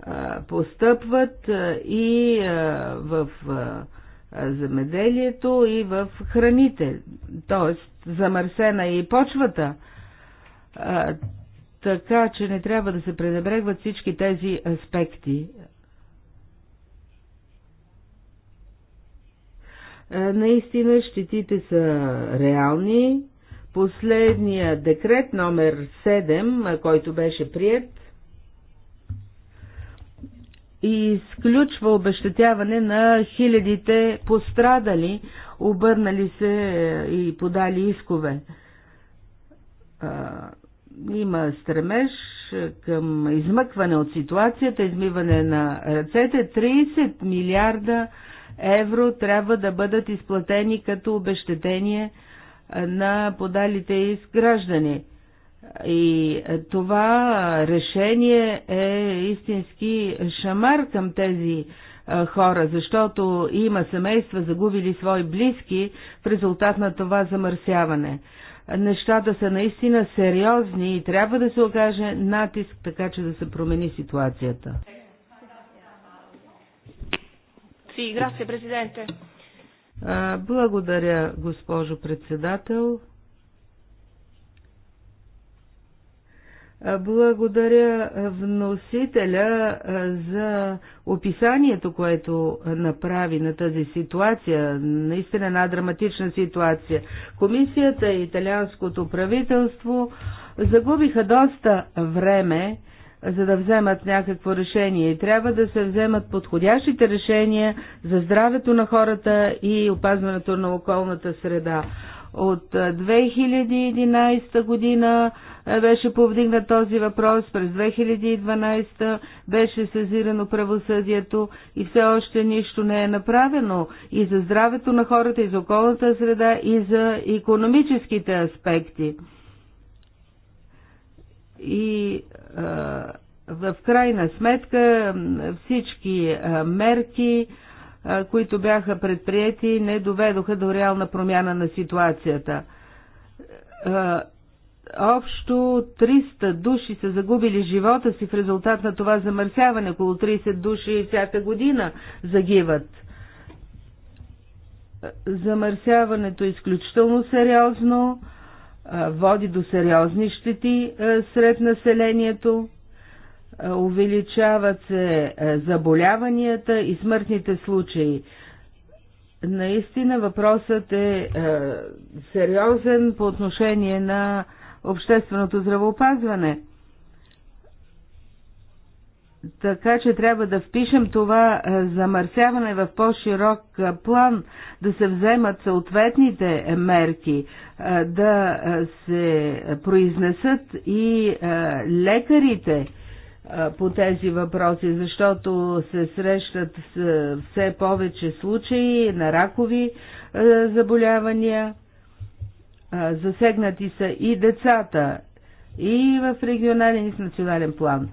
е, постъпват и в земеделието, и в храните, т.е. замърсена и почвата. Така че не трябва да се пренебрегват всички тези аспекти. Е, наистина щетите са реални. Последния декрет номер 7, е, който беше прият, и изключва обещетяване на хилядите пострадали, обърнали се е, и подали искове. Има стремеж към измъкване от ситуацията, измиване на ръцете. 30 милиарда евро трябва да бъдат изплатени като обещетение на подалите из граждани. И това решение е истински шамар към тези хора, защото има семейства загубили свои близки в резултат на това замърсяване. Нещата са наистина сериозни и трябва да се окаже натиск, така че да се промени ситуацията. Sì, grazie Presidente. Благодаря, госпожо председател. Благодаря вносителя за описанието, което направи на тази ситуация. Наистина една драматична ситуация. Комисията и италианското правителство загубиха доста време, за да вземат някакво решение. И трябва да се вземат подходящите решения за здравето на хората и опазването на околната среда. От 2011 година беше повдигнат този въпрос, през 2012 беше сезирано правосъдието и все още нищо не е направено и за здравето на хората, и за околната среда, и за економическите аспекти и в крайна сметка всички мерки, които бяха предприяти, не доведоха до реална промяна на ситуацията. Общо 300 души са загубили живота си в резултат на това замърсяване. Около 30 души всяка година загиват. Замърсяването е изключително сериозно води до сериозни щети сред населението, увеличават се заболяванията и смъртните случаи. Наистина въпросът е сериозен по отношение на общественото здравеопазване. Така че трябва да впишем това е, замърсяване в по-широк е, план, да се вземат съответните мерки, е, да се произнесат и лекарите по тези въпроси, защото се срещат все повече случаи на ракови заболявания. Засегнати са и децата, и в регионален и в национален план.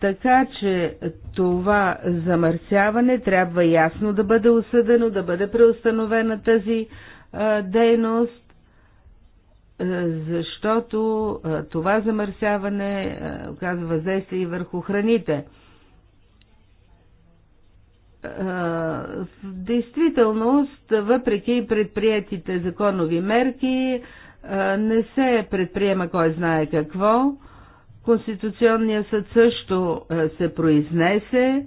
Така че това замърсяване трябва ясно да бъде осъдено, да бъде преустановена тази а, дейност, а, защото а, това замърсяване оказва въздействие и върху храните. В действителност, въпреки предприятите законови мерки, не се предприема кой знае какво. Конституционния съд също е, се произнесе.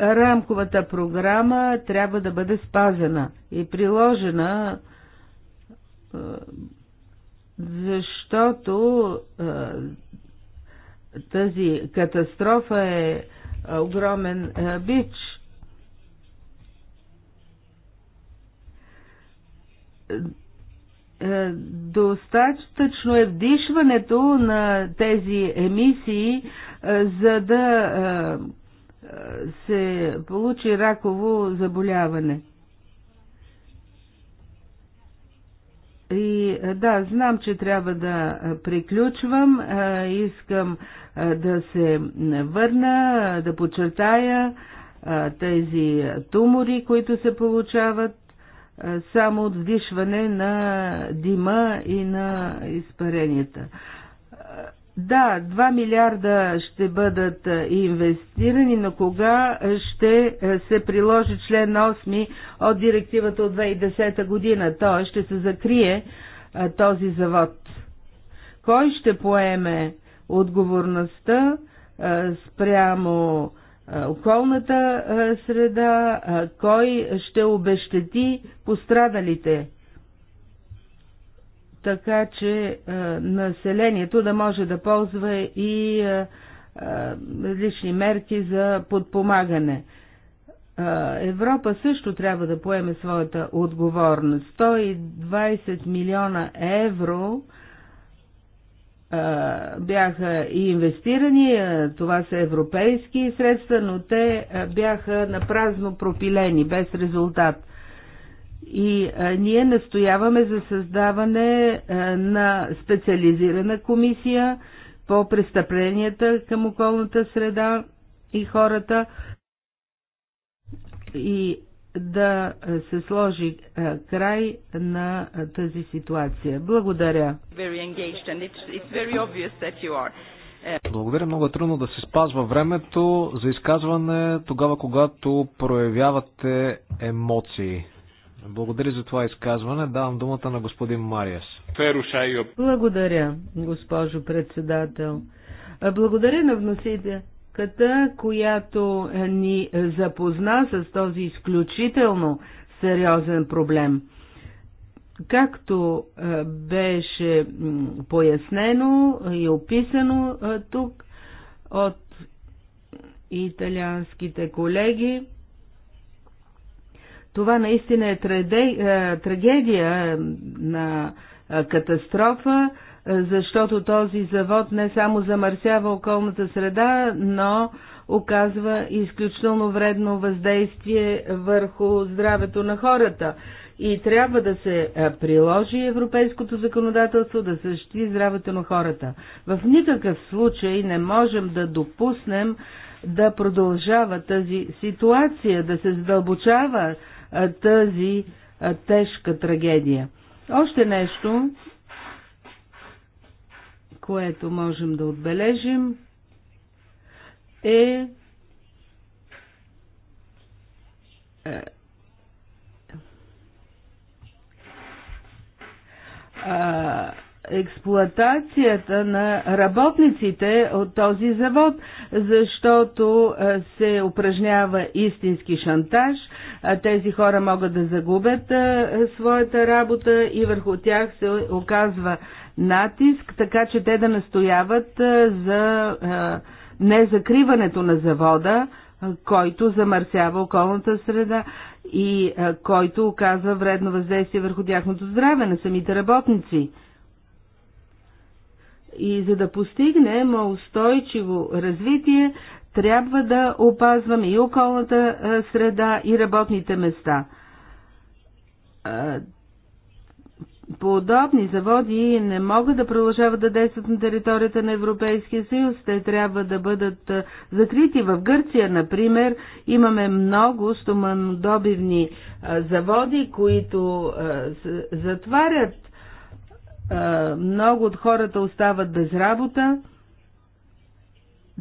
Рамковата програма трябва да бъде спазена и приложена, е, защото е, тази катастрофа е огромен бич. Е, достатъчно е вдишването на тези емисии, е, за да е, се получи раково заболяване. И да, знам, че трябва да приключвам. Искам да се върна, да подчертая тези тумори, които се получават само от вдишване на дима и на изпаренията. Да, 2 милиарда ще бъдат инвестирани, но кога ще се приложи член 8 от директивата от 2010 година? Т.е. ще се закрие този завод. Кой ще поеме отговорността спрямо околната среда, кой ще обещети пострадалите, така че населението да може да ползва и различни мерки за подпомагане. Европа също трябва да поеме своята отговорност. 120 милиона евро бяха и инвестирани, това са европейски средства, но те бяха напразно пропилени, без резултат. И ние настояваме за създаване на специализирана комисия по престъпленията към околната среда и хората. И да е, се сложи е, край на е, тази ситуация. Благодаря. Благодаря. Много е трудно да се спазва времето за изказване тогава, когато проявявате емоции. Благодаря за това изказване. Давам думата на господин Мариас. Благодаря, госпожо председател. Благодаря на вносителя Науката, която е, ни е, запозна с този изключително сериозен проблем. Както е, беше пояснено и описано тук от италианските колеги, това наистина е трагедия на катастрофа, защото този завод не само замърсява околната среда, но оказва изключително вредно въздействие върху здравето на хората. И трябва да се приложи европейското законодателство да защити здравето на хората. В никакъв случай не можем да допуснем да продължава тази ситуация, да се задълбочава тази тежка трагедия. Още нещо, което можем да отбележим, е, е експлоатацията на работниците от този завод, защото е, се упражнява истински шантаж. Тези хора могат да загубят е, своята работа и върху тях се оказва натиск, така че те да настояват за незакриването на завода, който замърсява околната среда и който оказва вредно въздействие върху тяхното здраве на самите работници. И за да постигнем устойчиво развитие, трябва да опазваме и околната среда, и работните места. Подобни заводи не могат да продължават да действат на територията на Европейския съюз. Те трябва да бъдат закрити. В Гърция, например, имаме много стоманодобивни заводи, които затварят. Много от хората остават без работа.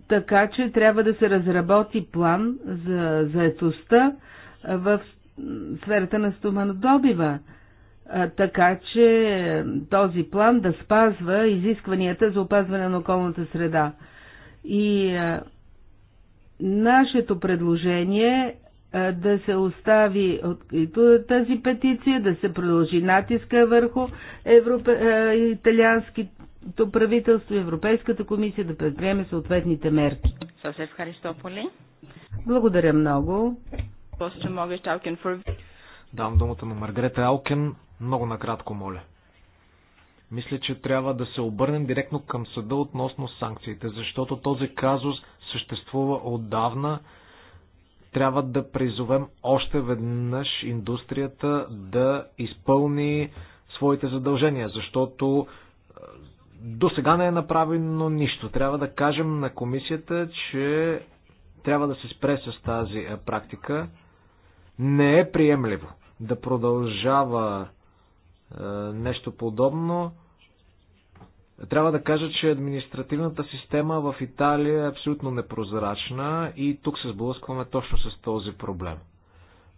Така че трябва да се разработи план за заетостта в сферата на стоманодобива така че този план да спазва изискванията за опазване на околната среда. И нашето предложение е да се остави тази петиция, да се продължи натиска върху европе... италианското правителство, Европейската комисия да предприеме съответните мерки. Благодаря много. Дам думата на Маргарета Алкен много накратко, моля. Мисля, че трябва да се обърнем директно към съда относно санкциите, защото този казус съществува отдавна. Трябва да призовем още веднъж индустрията да изпълни своите задължения, защото е, до сега не е направено нищо. Трябва да кажем на комисията, че трябва да се спре с тази е, практика. Не е приемливо да продължава е, нещо подобно. Трябва да кажа, че административната система в Италия е абсолютно непрозрачна и тук се сблъскваме точно с този проблем.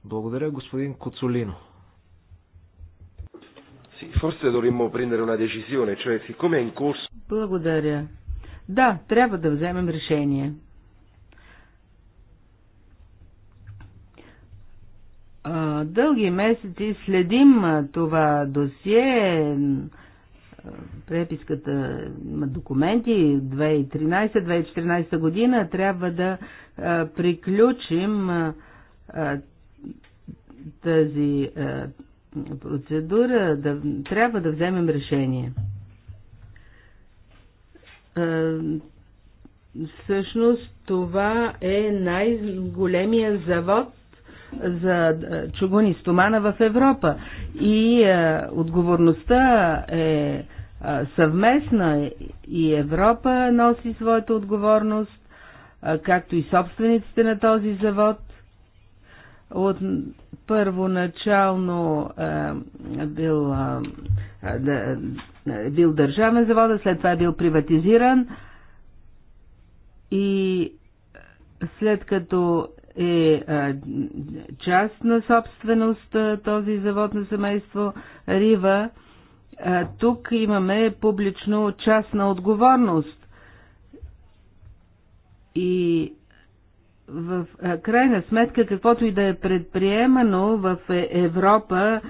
Благодаря, господин Коцолино. Благодаря. Да, трябва да вземем решение. дълги месеци следим това досие, преписката има документи 2013-2014 година, трябва да приключим тази процедура, да, трябва да вземем решение. Всъщност това е най-големия завод за е, чугун и стомана в Европа. И е, отговорността е, е съвместна и Европа носи своята отговорност, както и собствениците на този завод. От първоначално е, бил, е, бил държавен завод, след това е бил приватизиран и след като е част на собственост този завод на семейство Рива. Тук имаме публично частна отговорност. И в крайна сметка, каквото и да е предприемано в е, Европа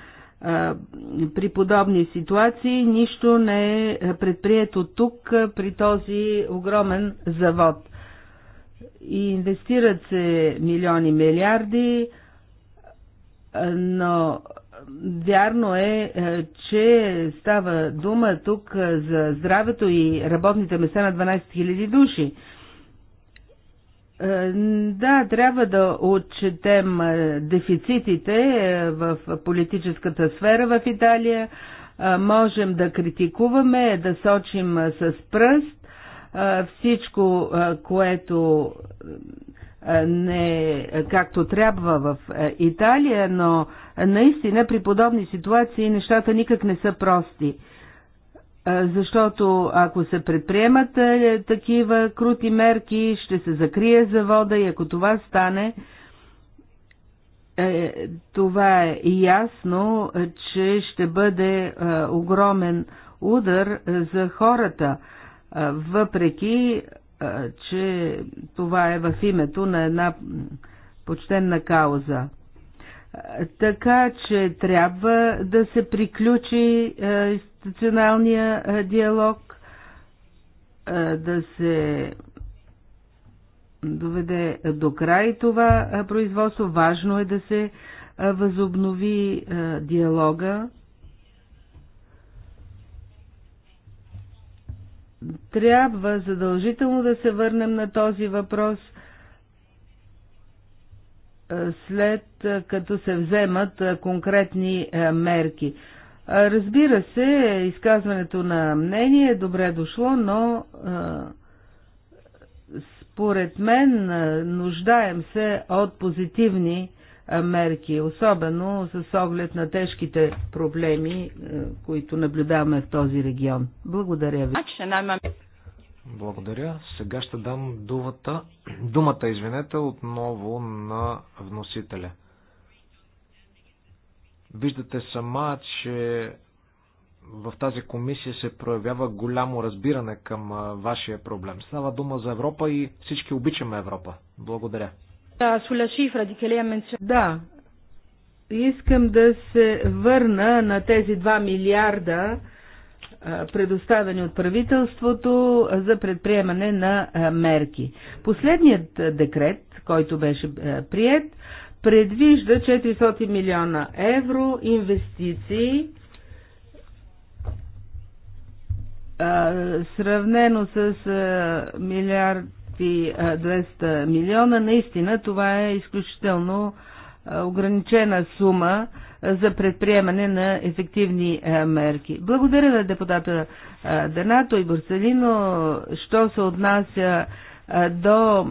при подобни ситуации, нищо не е предприето тук при този огромен завод – и инвестират се милиони, милиарди, но вярно е, е че става дума тук е, за здравето и работните места на 12 000 души. Е, да, трябва да отчетем дефицитите в политическата сфера в Италия. Можем да критикуваме, да сочим с пръст, всичко, което не е както трябва в Италия, но наистина при подобни ситуации нещата никак не са прости. Защото ако се предприемат такива крути мерки, ще се закрие завода и ако това стане, е, това е ясно, че ще бъде огромен удар за хората въпреки че това е в името на една почтенна кауза. Така че трябва да се приключи институционалния диалог, да се доведе до край това производство. Важно е да се възобнови диалога Трябва задължително да се върнем на този въпрос след като се вземат конкретни мерки. Разбира се, изказването на мнение е добре дошло, но според мен нуждаем се от позитивни мерки, особено с оглед на тежките проблеми, е, които наблюдаваме в този регион. Благодаря ви. Благодаря. Сега ще дам думата, думата извинете, отново на вносителя. Виждате сама, че в тази комисия се проявява голямо разбиране към вашия проблем. Става дума за Европа и всички обичаме Европа. Благодаря. Да, искам да се върна на тези 2 милиарда, предоставени от правителството за предприемане на мерки. Последният декрет, който беше прият, предвижда 400 милиона евро инвестиции, сравнено с милиард някакви 200 милиона. Наистина това е изключително ограничена сума за предприемане на ефективни мерки. Благодаря на депутата Данато и Борселино, що се отнася до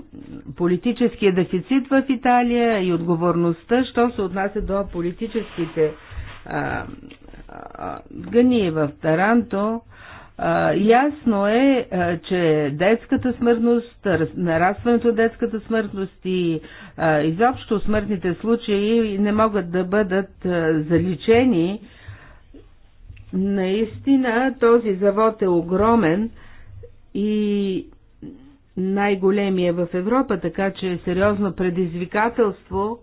политическия дефицит в Италия и отговорността, що се отнася до политическите гъни в Таранто. Ясно е, че детската смъртност, нарастването на детската смъртност и изобщо смъртните случаи не могат да бъдат заличени. Наистина този завод е огромен и най-големия в Европа, така че е сериозно предизвикателство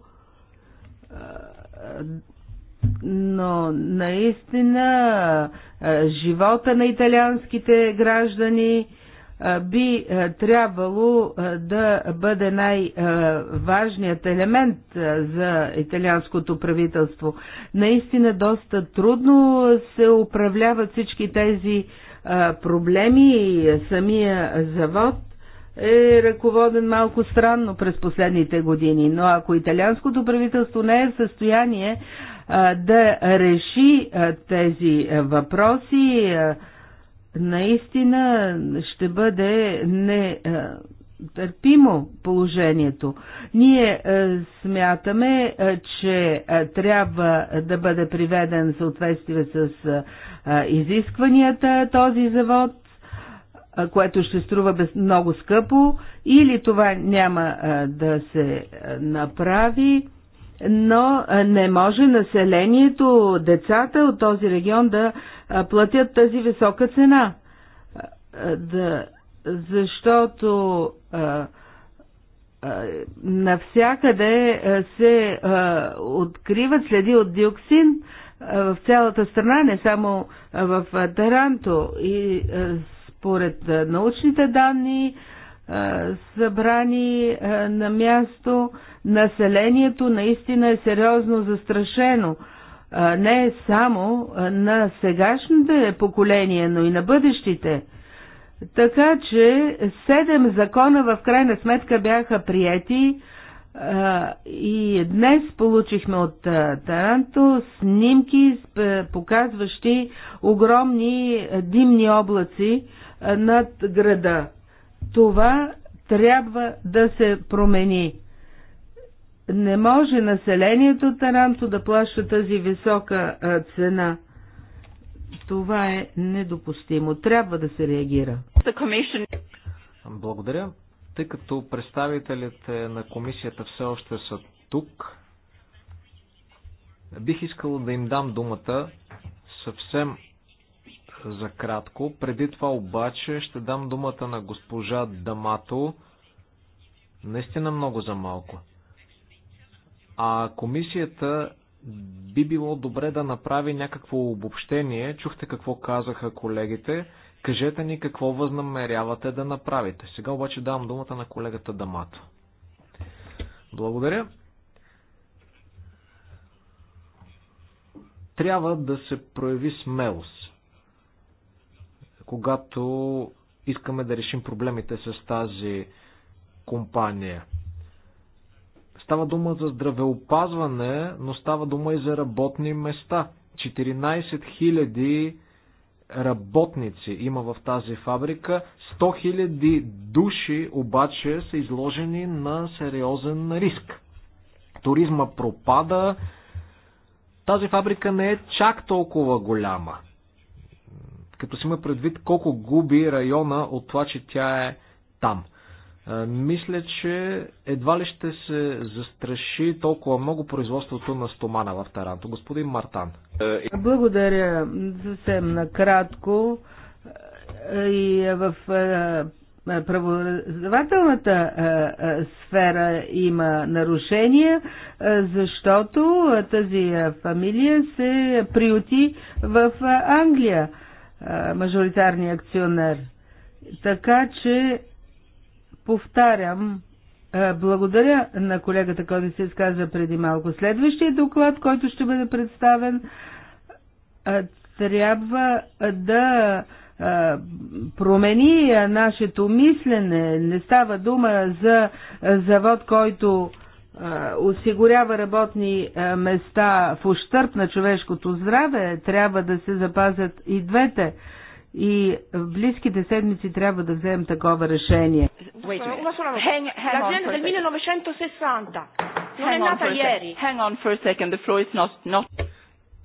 но наистина живота на италианските граждани би трябвало да бъде най-важният елемент за италианското правителство. Наистина доста трудно се управляват всички тези проблеми и самия завод е ръководен малко странно през последните години, но ако италианското правителство не е в състояние да реши тези въпроси, наистина ще бъде не търпимо положението. Ние смятаме, че трябва да бъде приведен в съответствие с изискванията този завод, което ще струва без, много скъпо, или това няма да се направи но не може населението, децата от този регион да платят тази висока цена. Да, защото навсякъде се откриват следи от диоксин в цялата страна, не само в Таранто. И според научните данни, събрани на място. Населението наистина е сериозно застрашено. Не само на сегашните поколения, но и на бъдещите. Така че седем закона в крайна сметка бяха приети и днес получихме от Таранто снимки, показващи огромни димни облаци над града. Това трябва да се промени. Не може населението от Таранто да плаща тази висока цена. Това е недопустимо. Трябва да се реагира. Благодаря. Тъй като представителите на комисията все още са тук, бих искал да им дам думата съвсем за кратко. Преди това обаче ще дам думата на госпожа Дамато. Наистина много за малко. А комисията би било добре да направи някакво обобщение. Чухте какво казаха колегите. Кажете ни какво възнамерявате да направите. Сега обаче давам думата на колегата Дамато. Благодаря. Трябва да се прояви смелост когато искаме да решим проблемите с тази компания. Става дума за здравеопазване, но става дума и за работни места. 14 000 работници има в тази фабрика. 100 000 души обаче са изложени на сериозен риск. Туризма пропада. Тази фабрика не е чак толкова голяма като си има предвид колко губи района от това, че тя е там. Мисля, че едва ли ще се застраши толкова много производството на стомана в Таранто. Господин Мартан. Благодаря. Съвсем накратко и в правозавателната сфера има нарушения, защото тази фамилия се приюти в Англия мажоритарния акционер. Така че, повтарям, благодаря на колегата, който се изказа преди малко. Следващия доклад, който ще бъде представен, трябва да промени нашето мислене. Не става дума за завод, който осигурява работни места в ущърп на човешкото здраве, трябва да се запазят и двете. И в близките седмици трябва да вземем такова решение.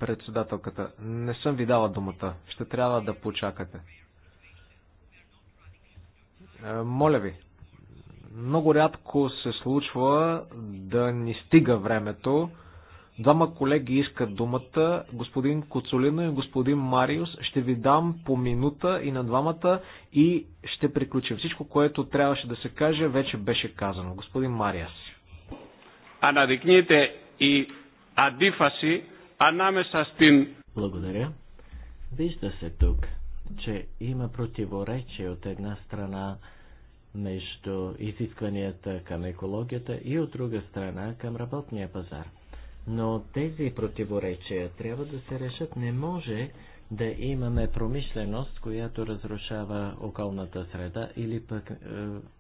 Председателката, не съм ви дала думата. Ще трябва да почакате. Е, моля ви, много рядко се случва да ни стига времето. Двама колеги искат думата, господин Коцолино и господин Мариус. Ще ви дам по минута и на двамата и ще приключим. Всичко, което трябваше да се каже, вече беше казано. Господин Мариас. Анадикните и αντίφαση ανάμεσα стин. Благодаря. Вижда се тук, че има противоречие от една страна между изискванията към екологията и от друга страна към работния пазар. Но тези противоречия трябва да се решат. Не може да имаме промишленост, която разрушава околната среда или пък е,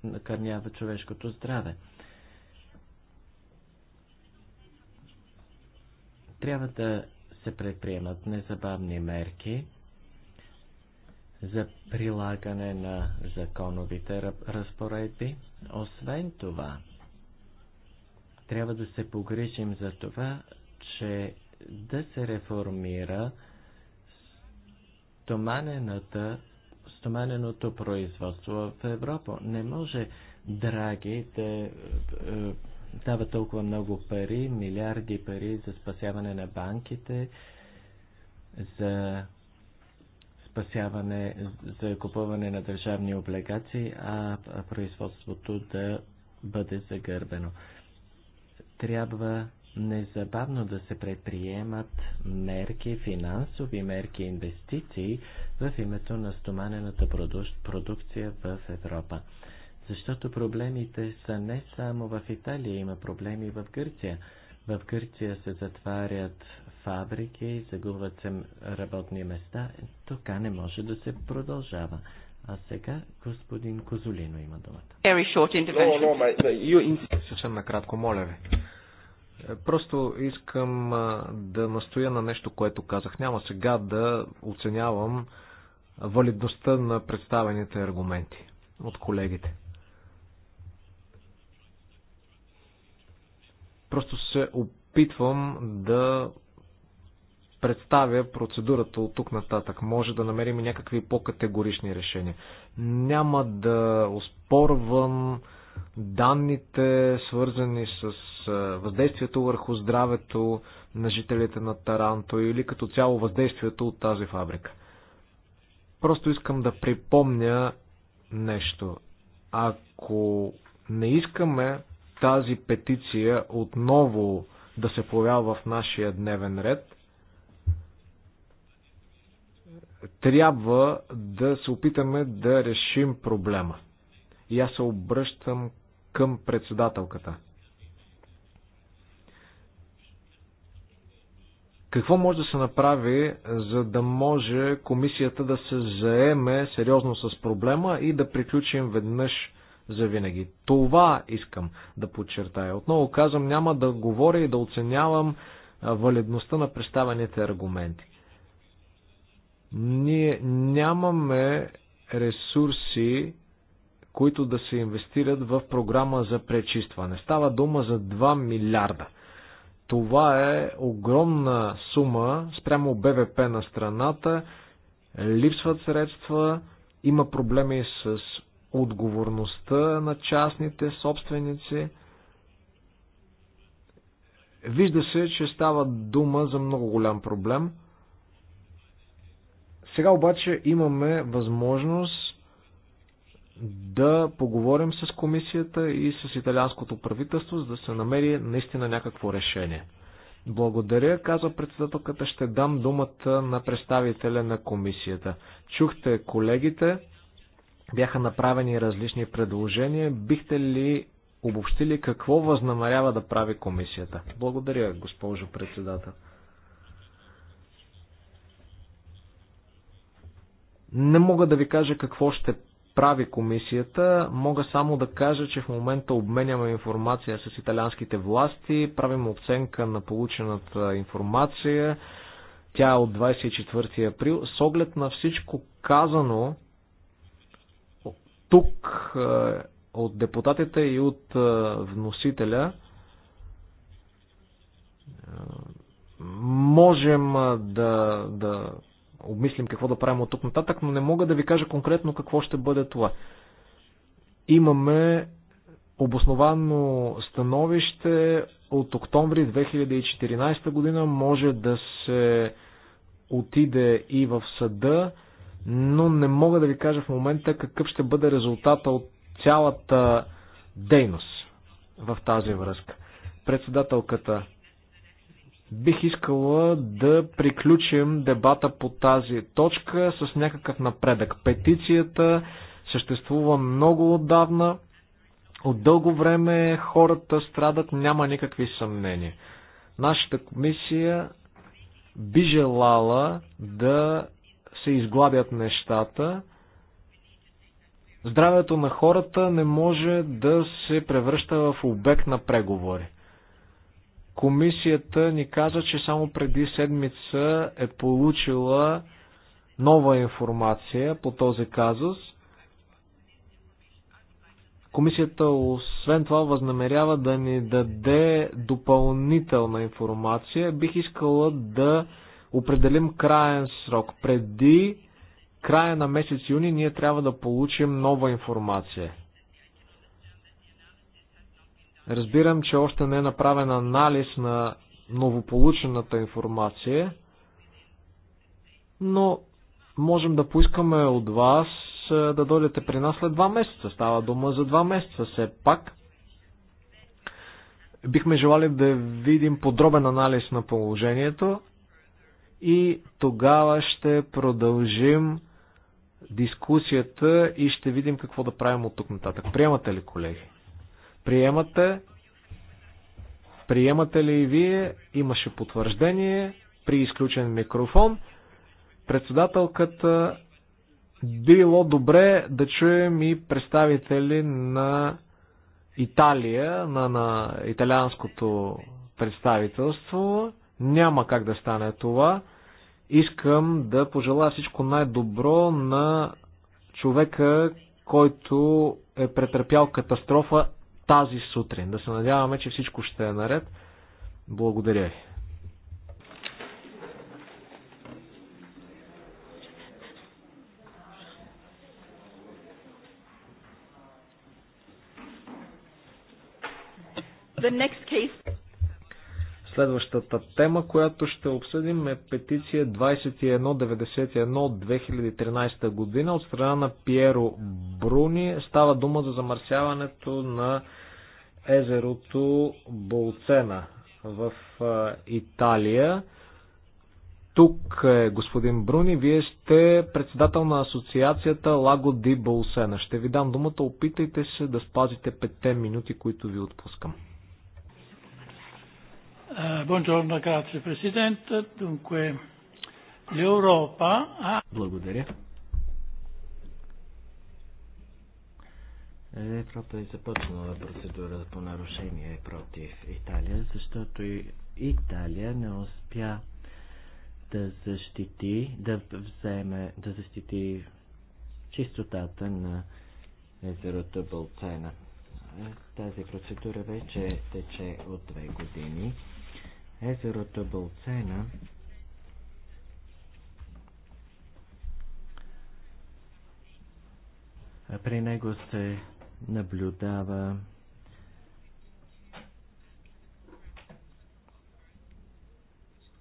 накърнява човешкото здраве. Трябва да се предприемат незабавни мерки за прилагане на законовите разпоредби. Освен това, трябва да се погрижим за това, че да се реформира стоманената, стоманеното производство в Европа. Не може драги да е, е, дава толкова много пари, милиарди пари за спасяване на банките, за спасяване, за купуване на държавни облигации, а производството да бъде загърбено. Трябва незабавно да се предприемат мерки, финансови мерки, инвестиции в името на стоманената продукция в Европа. Защото проблемите са не само в Италия, има проблеми в Гърция. В Гърция се затварят фабрики, загубват се работни места. Така не може да се продължава. А сега господин Козолино има думата. Съвсем накратко, моля ви. Е, просто искам да настоя на нещо, което казах. Няма сега да оценявам валидността на представените аргументи от колегите. Просто се опитвам да представя процедурата от тук нататък. Може да намерим някакви по-категорични решения. Няма да оспорвам данните, свързани с въздействието върху здравето на жителите на Таранто или като цяло въздействието от тази фабрика. Просто искам да припомня нещо. Ако не искаме тази петиция отново да се появява в нашия дневен ред, трябва да се опитаме да решим проблема. И аз се обръщам към председателката. Какво може да се направи, за да може комисията да се заеме сериозно с проблема и да приключим веднъж за винаги? Това искам да подчертая. Отново казвам, няма да говоря и да оценявам валидността на представените аргументи. Ние нямаме ресурси, които да се инвестират в програма за пречистване. Става дума за 2 милиарда. Това е огромна сума спрямо БВП на страната. Липсват средства, има проблеми с отговорността на частните собственици. Вижда се, че става дума за много голям проблем – сега обаче имаме възможност да поговорим с комисията и с италианското правителство, за да се намери наистина някакво решение. Благодаря, казва председателката. Ще дам думата на представителя на комисията. Чухте колегите, бяха направени различни предложения. Бихте ли обобщили какво възнамерява да прави комисията? Благодаря, госпожо председател. Не мога да ви кажа какво ще прави комисията, мога само да кажа, че в момента обменяме информация с италианските власти, правим оценка на получената информация, тя е от 24 април. С оглед на всичко казано тук е, от депутатите и от е, вносителя, е, можем да, да обмислим какво да правим от тук нататък, но не мога да ви кажа конкретно какво ще бъде това. Имаме обосновано становище от октомври 2014 година може да се отиде и в съда, но не мога да ви кажа в момента какъв ще бъде резултата от цялата дейност в тази връзка. Председателката Бих искала да приключим дебата по тази точка с някакъв напредък. Петицията съществува много отдавна. От дълго време хората страдат, няма никакви съмнения. Нашата комисия би желала да се изгладят нещата. Здравето на хората не може да се превръща в обект на преговори. Комисията ни каза, че само преди седмица е получила нова информация по този казус. Комисията освен това възнамерява да ни даде допълнителна информация. Бих искала да определим краен срок. Преди края на месец юни ние трябва да получим нова информация. Разбирам, че още не е направен анализ на новополучената информация, но можем да поискаме от вас е, да дойдете при нас след два месеца. Става дума за два месеца все пак. Бихме желали да видим подробен анализ на положението и тогава ще продължим дискусията и ще видим какво да правим от тук нататък. Приемате ли, колеги? Приемате. Приемате ли и вие? Имаше потвърждение при изключен микрофон. Председателката било добре да чуем и представители на Италия, на, на италианското представителство. Няма как да стане това. Искам да пожелая всичко най-добро на човека, който е претърпял катастрофа тази сутрин. Да се надяваме, че всичко ще е наред. Благодаря ви. The next case Следващата тема, която ще обсъдим е петиция 2191 от 2013 година от страна на Пьеро Бруни. Става дума за замърсяването на езерото Болцена в Италия. Тук е господин Бруни, вие сте председател на асоциацията Лаго Ди Болсена. Ще ви дам думата, опитайте се да спазите петте минути, които ви отпускам. Eh, buongiorno, grazie Presidente. Dunque, l'Europa ha... Благодаря. Европа е започнала процедура по нарушение против Италия, защото Италия не успя да защити, да вземе, да защити чистотата на езерото Болцена. Е, тази процедура вече тече от две години. Езерото Болцена при него се наблюдава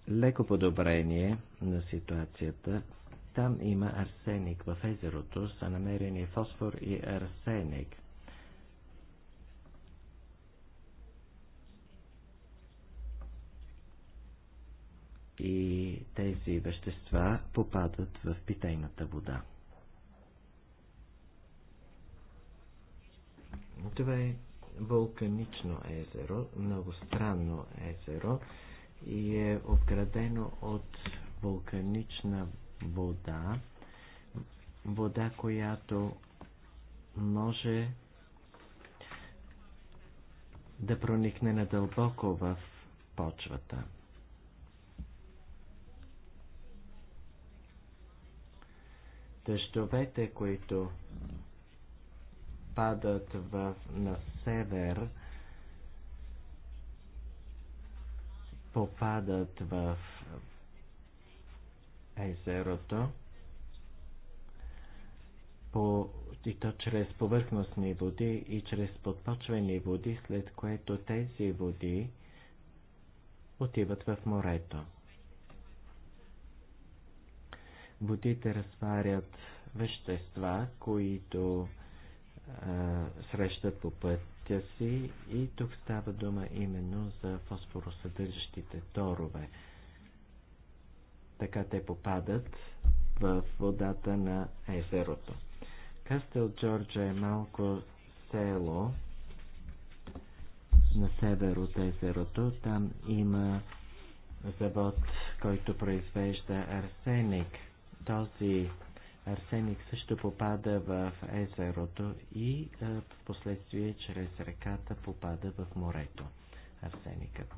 леко подобрение на ситуацията. Там има арсеник. В езерото са намерени фосфор и арсеник – и тези вещества попадат в питейната вода. Това е вулканично езеро, много странно езеро и е обградено от вулканична вода, вода, която може да проникне надълбоко в почвата. Дъждовете, които падат в, на север, попадат в езерото по, и то чрез повърхностни води и чрез подпочвени води, след което тези води отиват в морето. водите разтварят вещества, които а, срещат по пътя си и тук става дума именно за фосфоросъдържащите торове. Така те попадат в водата на езерото. Кастел Джорджа е малко село на север от езерото. Там има завод, който произвежда арсеник – този арсеник също попада в езерото и в последствие чрез реката попада в морето. Арсеникът.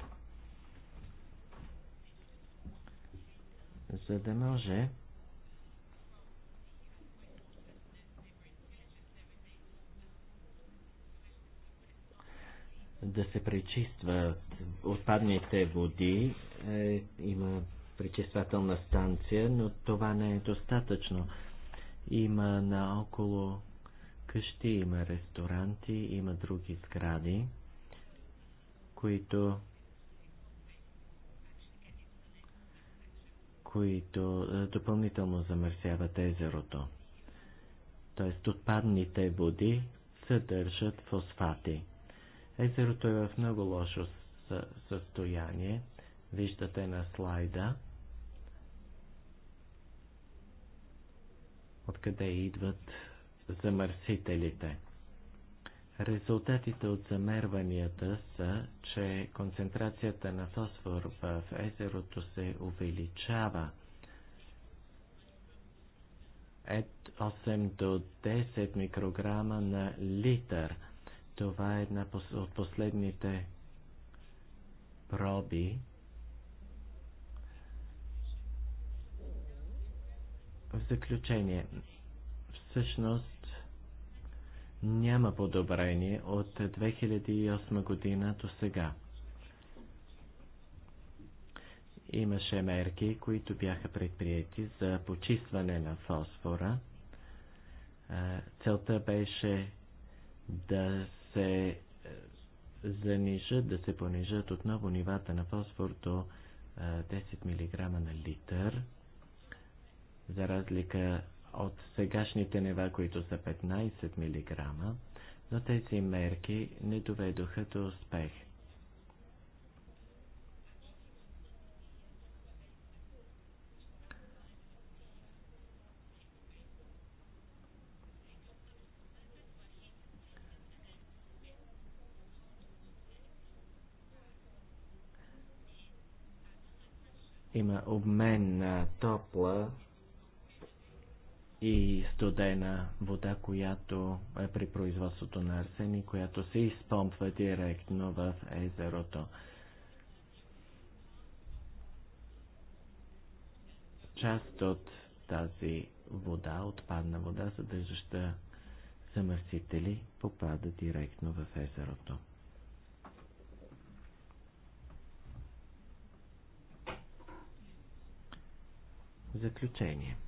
За да може да се пречистват отпадните води, е, има пречиствателна станция, но това не е достатъчно. Има наоколо къщи, има ресторанти, има други сгради, които които е, допълнително замърсяват езерото. Тоест отпадните води съдържат фосфати. Езерото е в много лошо състояние. Виждате на слайда откъде идват замърсителите. Резултатите от замерванията са, че концентрацията на фосфор в езерото се увеличава. Ед 8 до 10 микрограма на литър. Това е една от последните проби, В заключение, всъщност няма подобрение от 2008 година до сега. Имаше мерки, които бяха предприяти за почистване на фосфора. Целта беше да се занижат, да се понижат отново нивата на фосфор до 10 мг на литър за разлика от сегашните нива, които са 15 мг, но тези мерки не доведоха до успех. Има обмен на топла и студена вода, която е при производството на арсени, която се изпомпва директно в езерото. Част от тази вода, отпадна вода, съдържаща замърсители, попада директно в езерото. Заключение –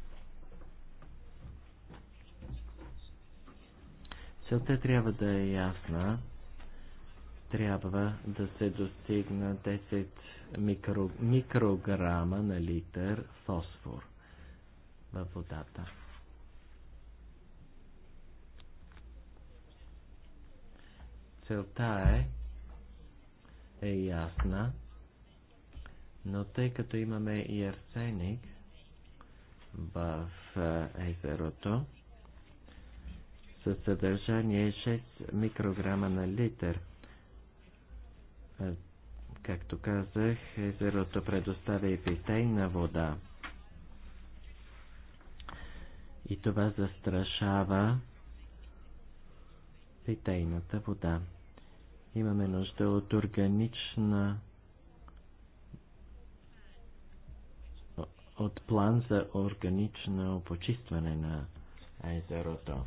Целта трябва да е ясна. Трябва да се достигна 10 микро, микрограма на литър фосфор във водата. Целта е, е ясна, но тъй като имаме и арсеник в езерото, със съдържание 6 микрограма на литър. Както казах, езерото предоставя и питейна вода. И това застрашава питейната вода. Имаме нужда от органична от план за органично почистване на езерото.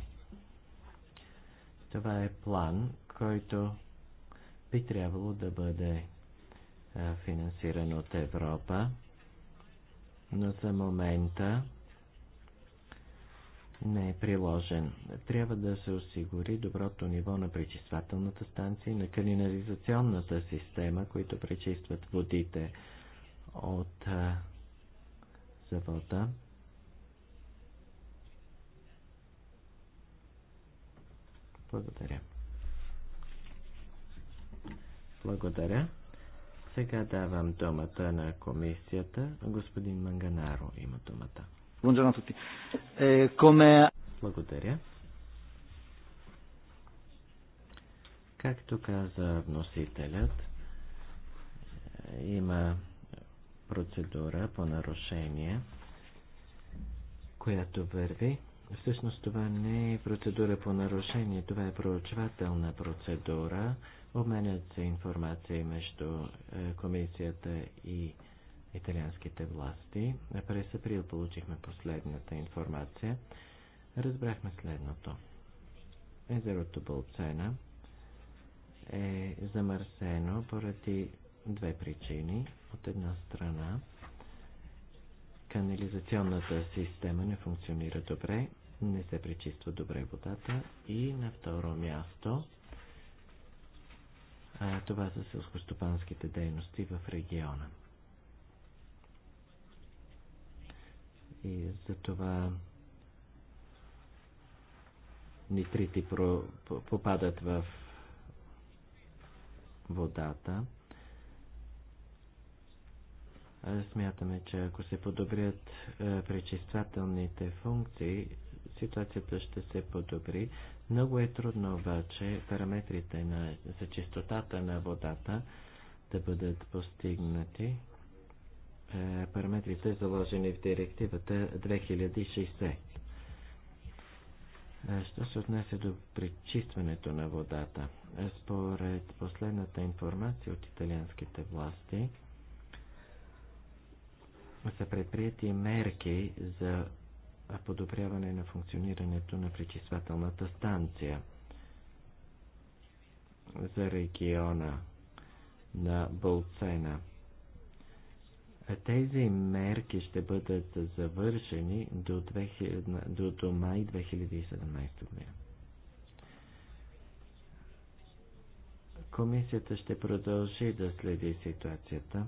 Това е план, който би трябвало да бъде е, финансиран от Европа, но за момента не е приложен. Трябва да се осигури доброто ниво на пречиствателната станция и на канализационната система, които пречистват водите от е, завода. Благодаря. Благодаря. Сега давам думата на комисията. Господин Манганаро има думата. Е, Благодаря. Както каза вносителят, има процедура по нарушение, която върви Всъщност това не е процедура по нарушение, това е проучвателна процедура. Обменят се информация между е, комисията и италианските власти. През април получихме последната информация. Разбрахме следното. Езерото Болцена е замърсено поради две причини. От една страна канализационната система не функционира добре, не се пречиства добре водата и на второ място а, това са селскостопанските дейности в региона. И за това нитрити попадат в водата. Смятаме, че ако се подобрят е, пречиствателните функции, ситуацията ще се подобри. Много е трудно обаче параметрите на, за чистотата на водата да бъдат постигнати. Е, параметрите заложени в директивата 2060. Е, що се отнася до пречистването на водата? Според последната информация от италианските власти, са предприяти мерки за подобряване на функционирането на пречиствателната станция за региона на Болцена. Тези мерки ще бъдат завършени до, 2000, до, до май 2017 година. Комисията ще продължи да следи ситуацията.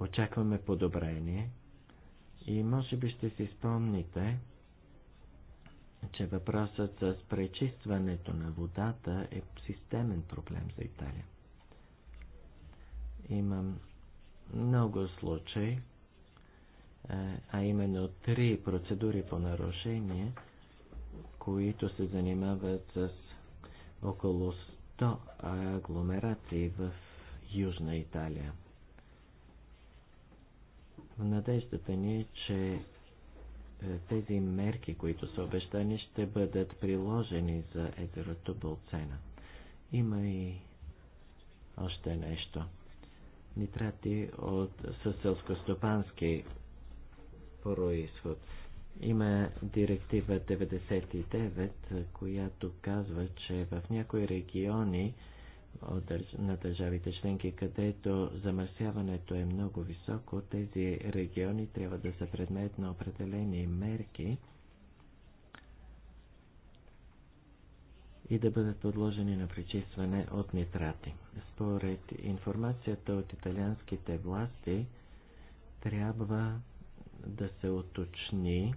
Очакваме подобрение и може би ще си спомните, че въпросът с пречистването на водата е системен проблем за Италия. Имам много случаи, е, а именно три процедури по нарушение, които се занимават с около 100 агломерации в Южна Италия. Надеждата ни е, че тези мерки, които са обещани, ще бъдат приложени за езерото Болцена. Има и още нещо. Нитрати от съселско-стопански происход. Има директива 99, която казва, че в някои региони на държавите членки, където замърсяването е много високо, тези региони трябва да са предмет на определени мерки и да бъдат подложени на пречистване от нитрати. Според информацията от италианските власти, трябва да се уточни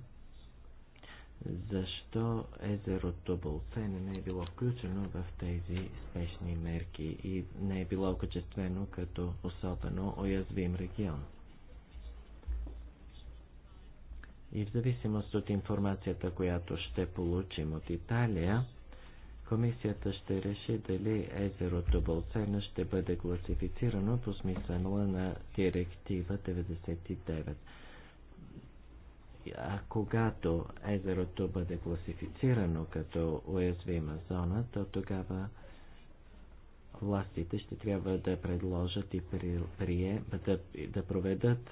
защо езерото Болцене не е било включено в тези спешни мерки и не е било окачествено като особено уязвим регион. И в зависимост от информацията, която ще получим от Италия, комисията ще реши дали езерото Болцена ще бъде класифицирано по смисъла на директива 99. А когато езерото бъде класифицирано като уязвима зона, то тогава властите ще трябва да предложат и прие, да, да проведат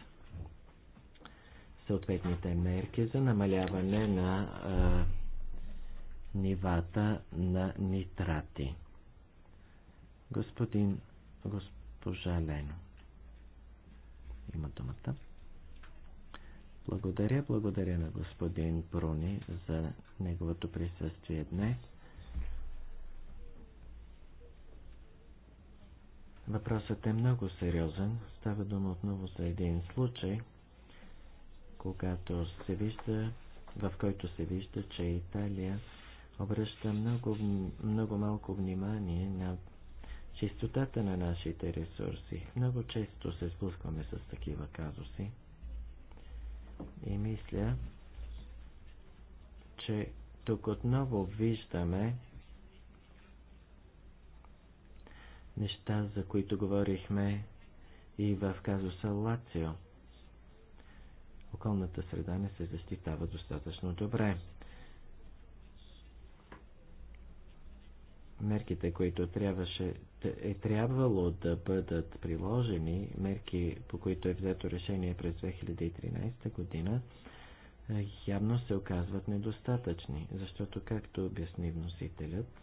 съответните мерки за намаляване на а, нивата на нитрати. Господин, госпожа Лено има думата. Благодаря, благодаря на господин Бруни за неговото присъствие днес. Въпросът е много сериозен. Става дума отново за един случай, когато се вижда, в който се вижда, че Италия обръща много, много малко внимание на чистотата на нашите ресурси. Много често се сблъскваме с такива казуси. И мисля, че тук отново виждаме неща, за които говорихме и в казуса Лацио. Околната среда не се защитава достатъчно добре. Мерките, които трябваше е трябвало да бъдат приложени мерки, по които е взето решение през 2013 година, е, явно се оказват недостатъчни, защото, както обясни вносителят,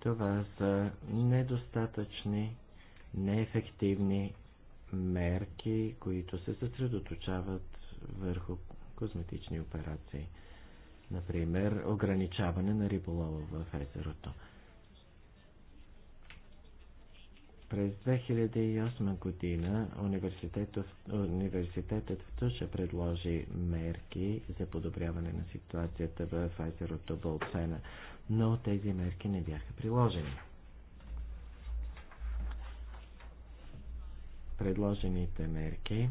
това са недостатъчни, неефективни мерки, които се съсредоточават върху козметични операции – Например, ограничаване на риболова в езерото. През 2008 година университетът, в Туша предложи мерки за подобряване на ситуацията в езерото Болцена, но тези мерки не бяха приложени. Предложените мерки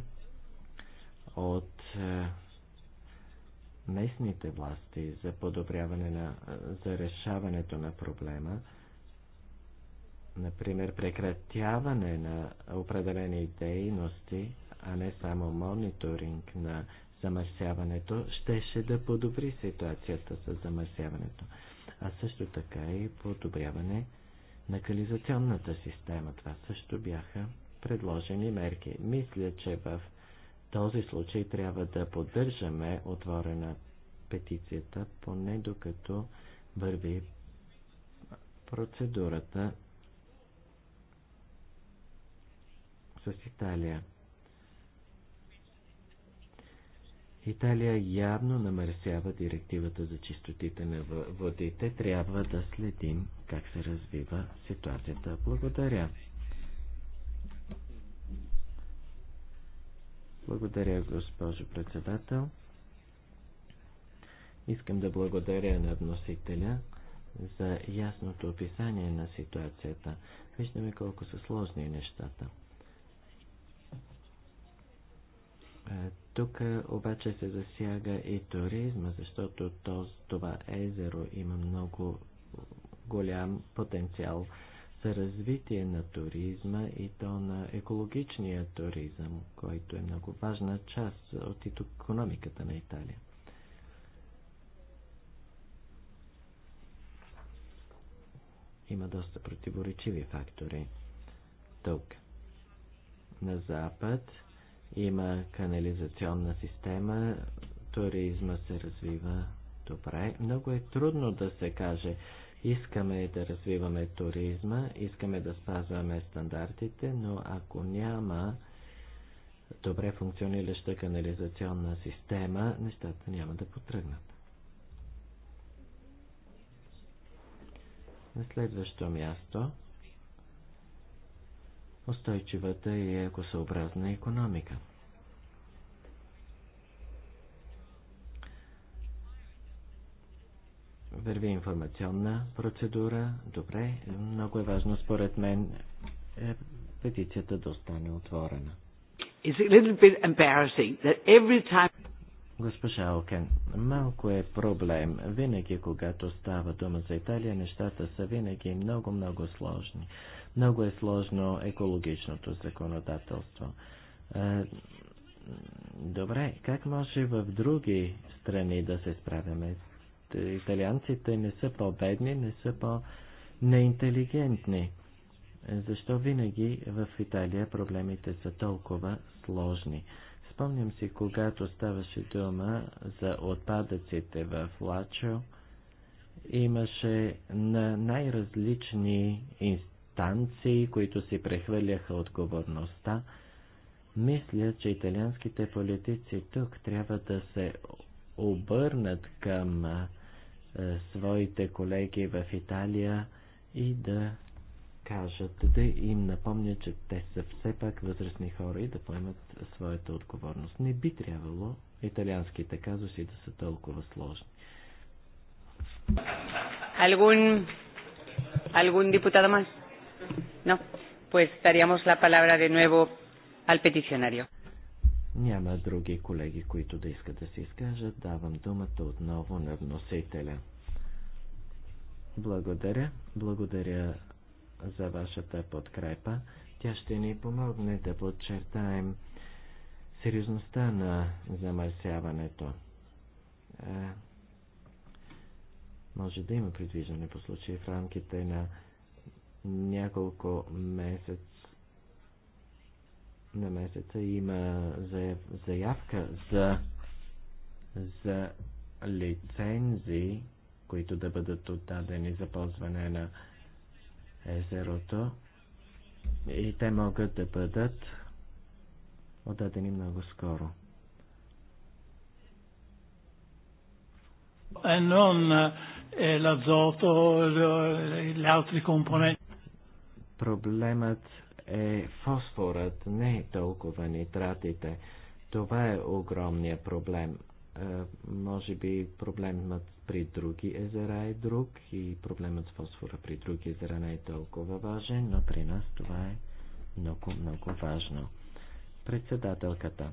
от е, местните власти за подобряване на, за решаването на проблема, например прекратяване на определени дейности, а не само мониторинг на замърсяването, щеше да подобри ситуацията с замърсяването, а също така и подобряване на кализационната система. Това също бяха предложени мерки. Мисля, че в този случай трябва да поддържаме отворена петицията, поне докато върви процедурата с Италия. Италия явно намърсява директивата за чистотите на водите. Трябва да следим как се развива ситуацията. Благодаря. Благодаря, госпожо председател. Искам да благодаря на вносителя за ясното описание на ситуацията. Виждаме колко са сложни нещата. Е, тук обаче се засяга и туризма, защото това езеро има много голям потенциал за развитие на туризма и то на екологичния туризъм, който е много важна част от економиката на Италия. Има доста противоречиви фактори. Тук на запад има канализационна система, туризма се развива добре. Много е трудно да се каже Искаме да развиваме туризма, искаме да спазваме стандартите, но ако няма добре функционираща канализационна система, нещата няма да потръгнат. На следващо място устойчивата и екосъобразна економика – върви информационна процедура. Добре, много е важно според мен е петицията да остане отворена. Time... Госпожа Окен, малко е проблем. Винаги, когато става дума за Италия, нещата са винаги много-много сложни. Много е сложно екологичното законодателство. Е, добре, как може в други страни да се справяме с? италианците не са по-бедни, не са по-неинтелигентни. Защо винаги в Италия проблемите са толкова сложни? Спомням си, когато ставаше дума за отпадъците в Лачо, имаше на най-различни инстанции, които си прехвърляха отговорността. Мисля, че италианските политици тук трябва да се обърнат към е, своите колеги в Италия и да кажат, да им напомня, че те са все пак възрастни хора и да поемат своята отговорност. Не би трябвало италианските казуси да са толкова сложни. Алгун, депутат más? No, pues daríamos la palabra de nuevo al peticionario. Няма други колеги, които да искат да се изкажат. Давам думата отново на вносителя. Благодаря. Благодаря за вашата подкрепа. Тя ще ни помогне да подчертаем сериозността на замърсяването. Е, може да има предвиждане по случай в рамките на няколко месеца на месеца има заявка за, за лицензии, които да бъдат отдадени за ползване на езерото и те могат да бъдат отдадени много скоро. E non l'azoto e le componenti. Проблемът е фосфорът, не е толкова нитратите. Това е огромният проблем. Е, може би проблемът при други езера е друг и проблемът с фосфора при други езера не е толкова важен, но при нас това е много, много важно. Председателката.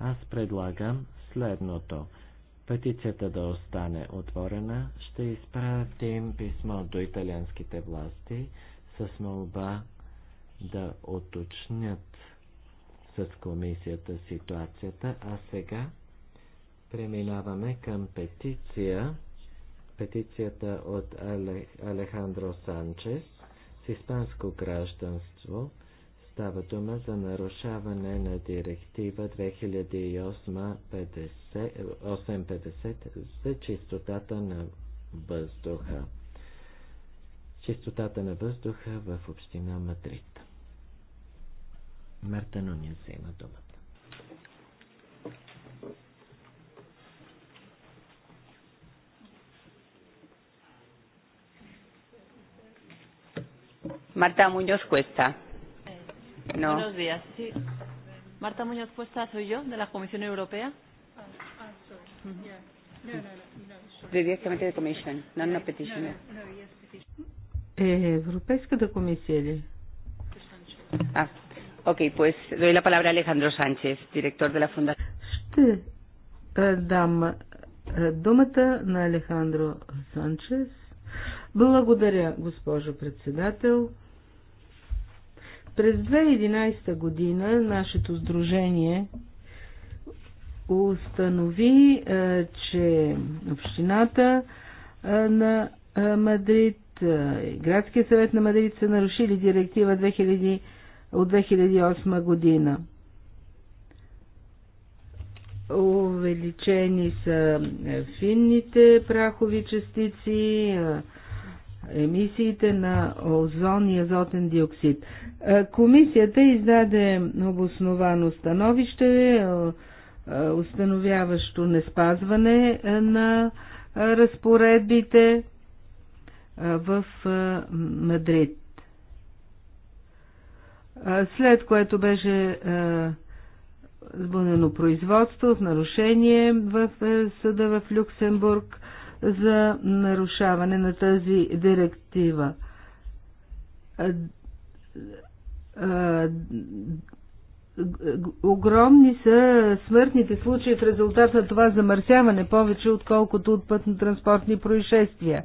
Аз предлагам следното. Петицията да остане отворена. Ще изпратим писмо до италианските власти с молба да оточнят с комисията ситуацията, а сега преминаваме към петиция, петицията от Алехандро Санчес с испанско гражданство. Става дума за нарушаване на директива 2008-50 за чистотата на въздуха. Чистотата на въздуха в община Мадрид. Марта Нунин се има думата. Marta Muñoz Cuesta. No. Buenos días. Sí. Marta Muñoz Cuesta soy yo, de la Comisión Europea. Directamente de Commission, no no petitioner. Европейската комисия ли? А, Ok, pues doy la palabra a Alejandro Sánchez, директор de la Fundación. Ще е, дам е, думата на Алехандро Санчес. Благодаря, госпожо председател. През 2011 година нашето сдружение установи, е, че общината на Мадрид, Градския съвет на Мадрид са нарушили директива 2000 от 2008 година. Увеличени са е, финните прахови частици, е, емисиите на озон и азотен диоксид. Е, комисията издаде обосновано становище, установяващо неспазване на разпоредбите в Мадрид след което беше сбънено производство в нарушение в е, съда в Люксембург за нарушаване на тази директива. Огромни са смъртните случаи в резултат на това замърсяване, повече отколкото от пътно-транспортни происшествия.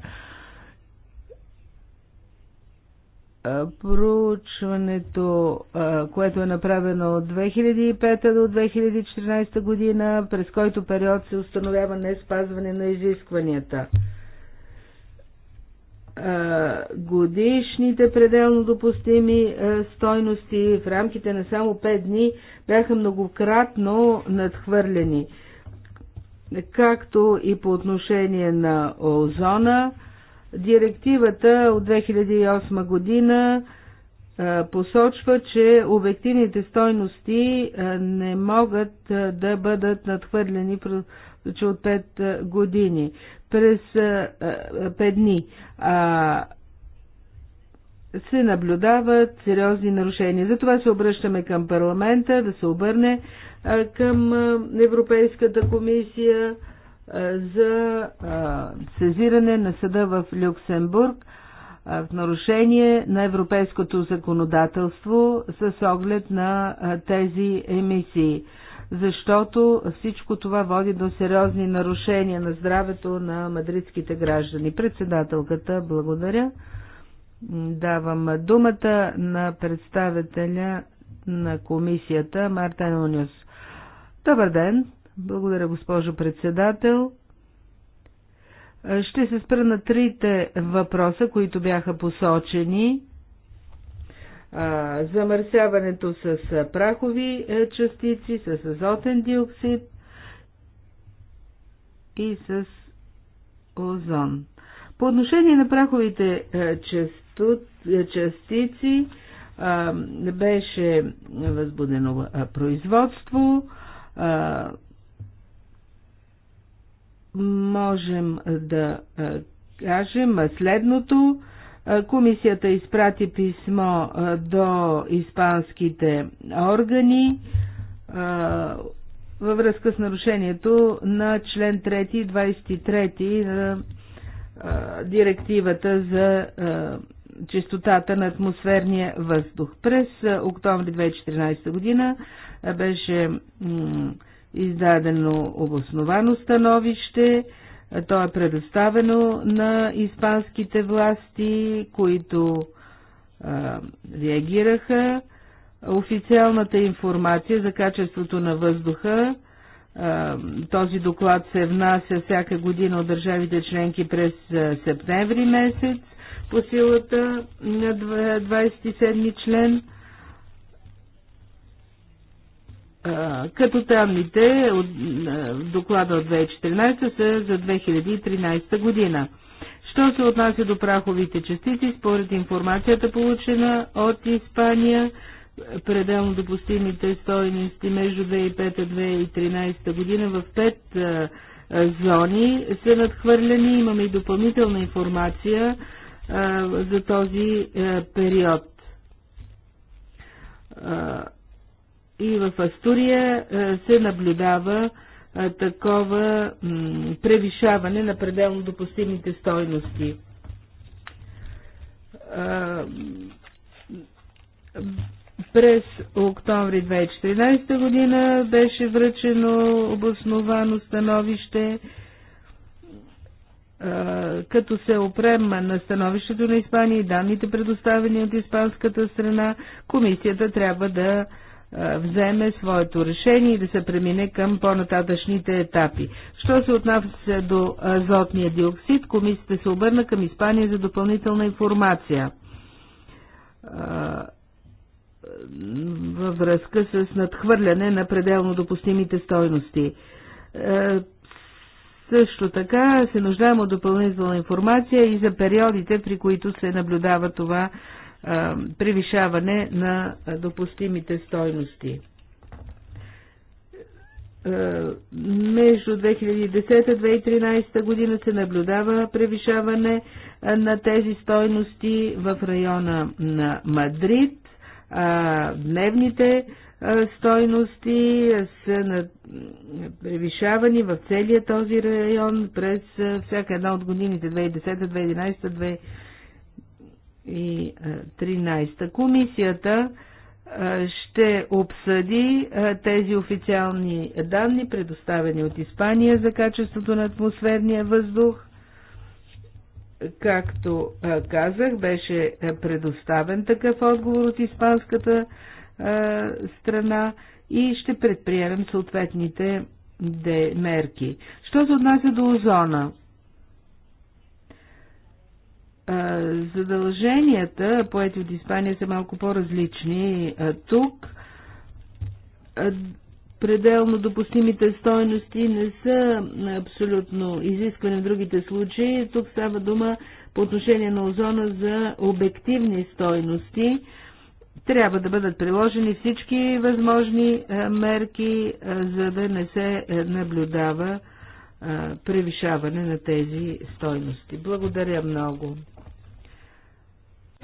проучването, което е направено от 2005 до 2014 година, през който период се установява не спазване на изискванията. Годишните пределно допустими стойности в рамките на само 5 дни бяха многократно надхвърлени, както и по отношение на озона, Директивата от 2008 година посочва, че обективните стойности не могат да бъдат надхвърлени от 5 години, през 5 дни. А, се наблюдават сериозни нарушения. Затова се обръщаме към парламента да се обърне към Европейската комисия за сезиране на съда в Люксембург в нарушение на европейското законодателство с оглед на тези емисии, защото всичко това води до сериозни нарушения на здравето на мадридските граждани. Председателката, благодаря. Давам думата на представителя на комисията Мартен Униус. Добър ден! Благодаря, госпожо председател. Ще се спра на трите въпроса, които бяха посочени. Замърсяването с прахови частици, с азотен диоксид и с озон. По отношение на праховите частици беше възбудено производство можем да кажем следното. Комисията изпрати писмо до испанските органи във връзка с нарушението на член 3 и 23 на директивата за чистотата на атмосферния въздух. През октомври 2014 година беше издадено обосновано становище. То е предоставено на испанските власти, които а, реагираха. Официалната информация за качеството на въздуха, а, този доклад се внася всяка година от държавите членки през септември месец по силата на 27 член като данните от доклада от 2014 са за 2013 година. Що се отнася до праховите частици, според информацията получена от Испания, пределно допустимите стойности между 2005-2013 година в пет зони са надхвърляни. Имаме и допълнителна информация за този период и в Астурия е, се наблюдава е, такова превишаване на пределно допустимите стойности. Е, през октомври 2014 година беше връчено обосновано становище, като се опрема на становището на Испания и данните предоставени от испанската страна, комисията трябва да вземе своето решение и да се премине към по-нататъчните етапи. Що се отнася до азотния диоксид, комисията се обърна към Испания за допълнителна информация във връзка с надхвърляне на пределно допустимите стойности. Също така се нуждаем от допълнителна информация и за периодите, при които се наблюдава това превишаване на допустимите стойности. Между 2010-2013 година се наблюдава превишаване на тези стойности в района на Мадрид. Дневните стойности са превишавани в целия този район през всяка една от годините 2010, 2011, и 13-та. Е, Комисията е, ще обсъди е, тези официални данни, предоставени от Испания за качеството на атмосферния въздух. Както казах, беше предоставен такъв отговор от испанската страна и ще предприемем съответните мерки. Що се отнася до озона? задълженията, поети от Испания, са малко по-различни. Тук пределно допустимите стойности не са абсолютно изисквани в другите случаи. Тук става дума по отношение на озона за обективни стойности. Трябва да бъдат приложени всички възможни мерки, за да не се наблюдава превишаване на тези стойности. Благодаря много.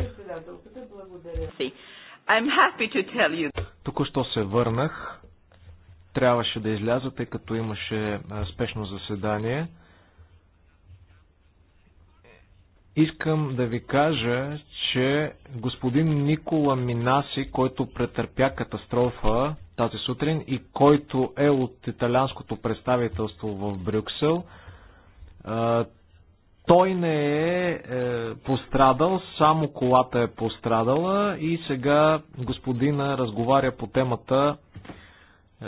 Председателката, благодаря. I'm happy to tell you. Току-що се върнах. Трябваше да изляза, тъй като имаше спешно заседание. Искам да ви кажа, че господин Никола Минаси, който претърпя катастрофа тази сутрин и който е от италянското представителство в Брюксел, той не е, е пострадал, само колата е пострадала и сега господина разговаря по темата, е,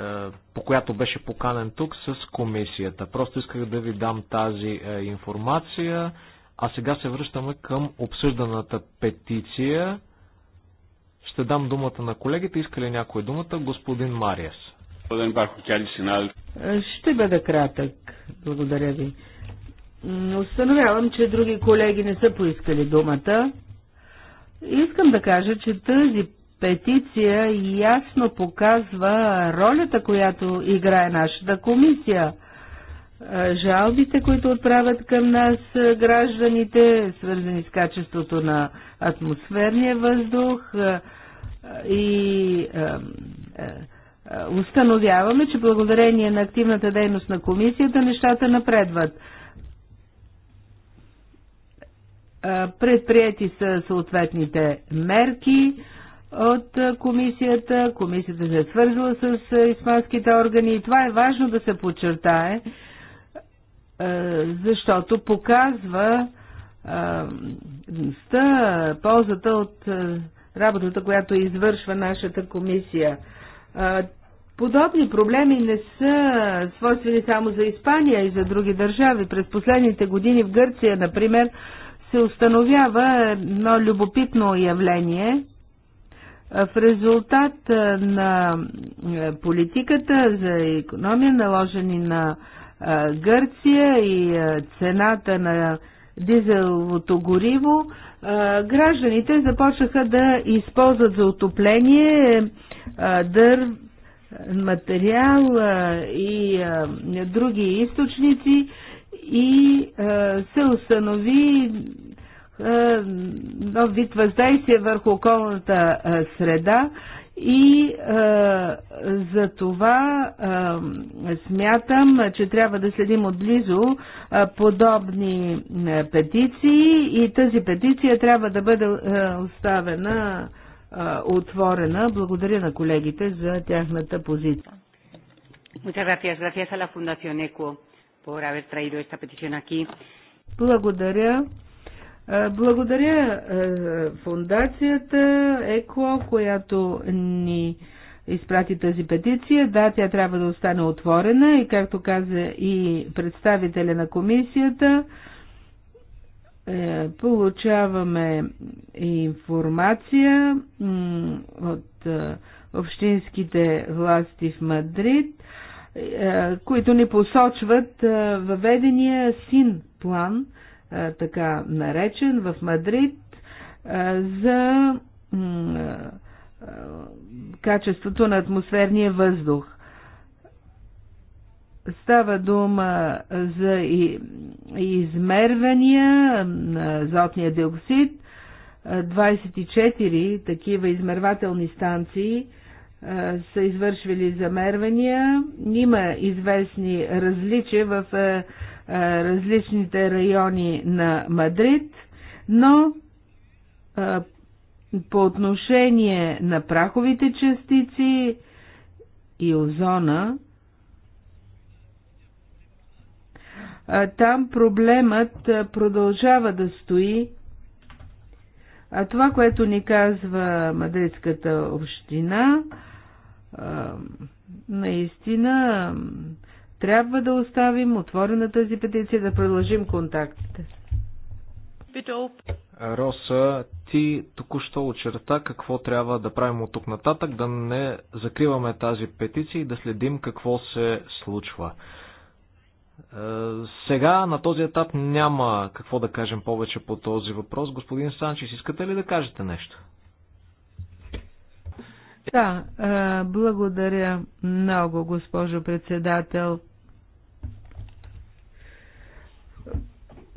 по която беше поканен тук с комисията. Просто исках да ви дам тази е, информация, а сега се връщаме към обсъжданата петиция. Ще дам думата на колегите. Иска ли някой думата? Господин Мариас. Ще бъда кратък. Благодаря ви. Установявам, че други колеги не са поискали думата. Искам да кажа, че тази петиция ясно показва ролята, която играе нашата комисия. Е, жалбите, които отправят към нас е, гражданите, свързани с качеството на атмосферния въздух е, и установяваме, че благодарение на активната дейност на комисията нещата напредват. Предприяти са съответните мерки от комисията. Комисията се е свързала с испанските органи и това е важно да се подчертае, защото показва ползата от работата, която извършва нашата комисия. Подобни проблеми не са свойствени само за Испания и за други държави. През последните години в Гърция, например, се установява едно любопитно явление. В резултат на политиката за економия, наложени на Гърция и цената на дизеловото гориво, гражданите започнаха да използват за отопление дър, материал и други източници, и е, се установи е, нов вид въздействие върху околната е, среда и за това смятам, че трябва да следим отблизо подобни петиции и тази петиция трябва да бъде оставена отворена. Благодаря на колегите за тяхната позиция. Muchas gracias. Gracias a la Fundación ECO por haber traído esta petición aquí. Благодаря. Благодаря фундацията ЕКО, която ни изпрати тази петиция. Да, тя трябва да остане отворена и както каза и представителя на комисията, е, получаваме информация от общинските власти в Мадрид е, които ни посочват е, въведения син план, е, така наречен, в Мадрид за качеството на атмосферния въздух. Става дума за измервания на азотния диоксид, 24 такива измервателни станции – са извършвали замервания. Има известни различия в различните райони на Мадрид, но по отношение на праховите частици и озона, там проблемът продължава да стои. А това, което ни казва Мадридската община, наистина трябва да оставим отворена тази петиция, да продължим контактите. Роса, ти току-що очерта какво трябва да правим от тук нататък, да не закриваме тази петиция и да следим какво се случва. Сега на този етап няма какво да кажем повече по този въпрос. Господин Санчес, искате ли да кажете нещо? Да, благодаря много, госпожо председател.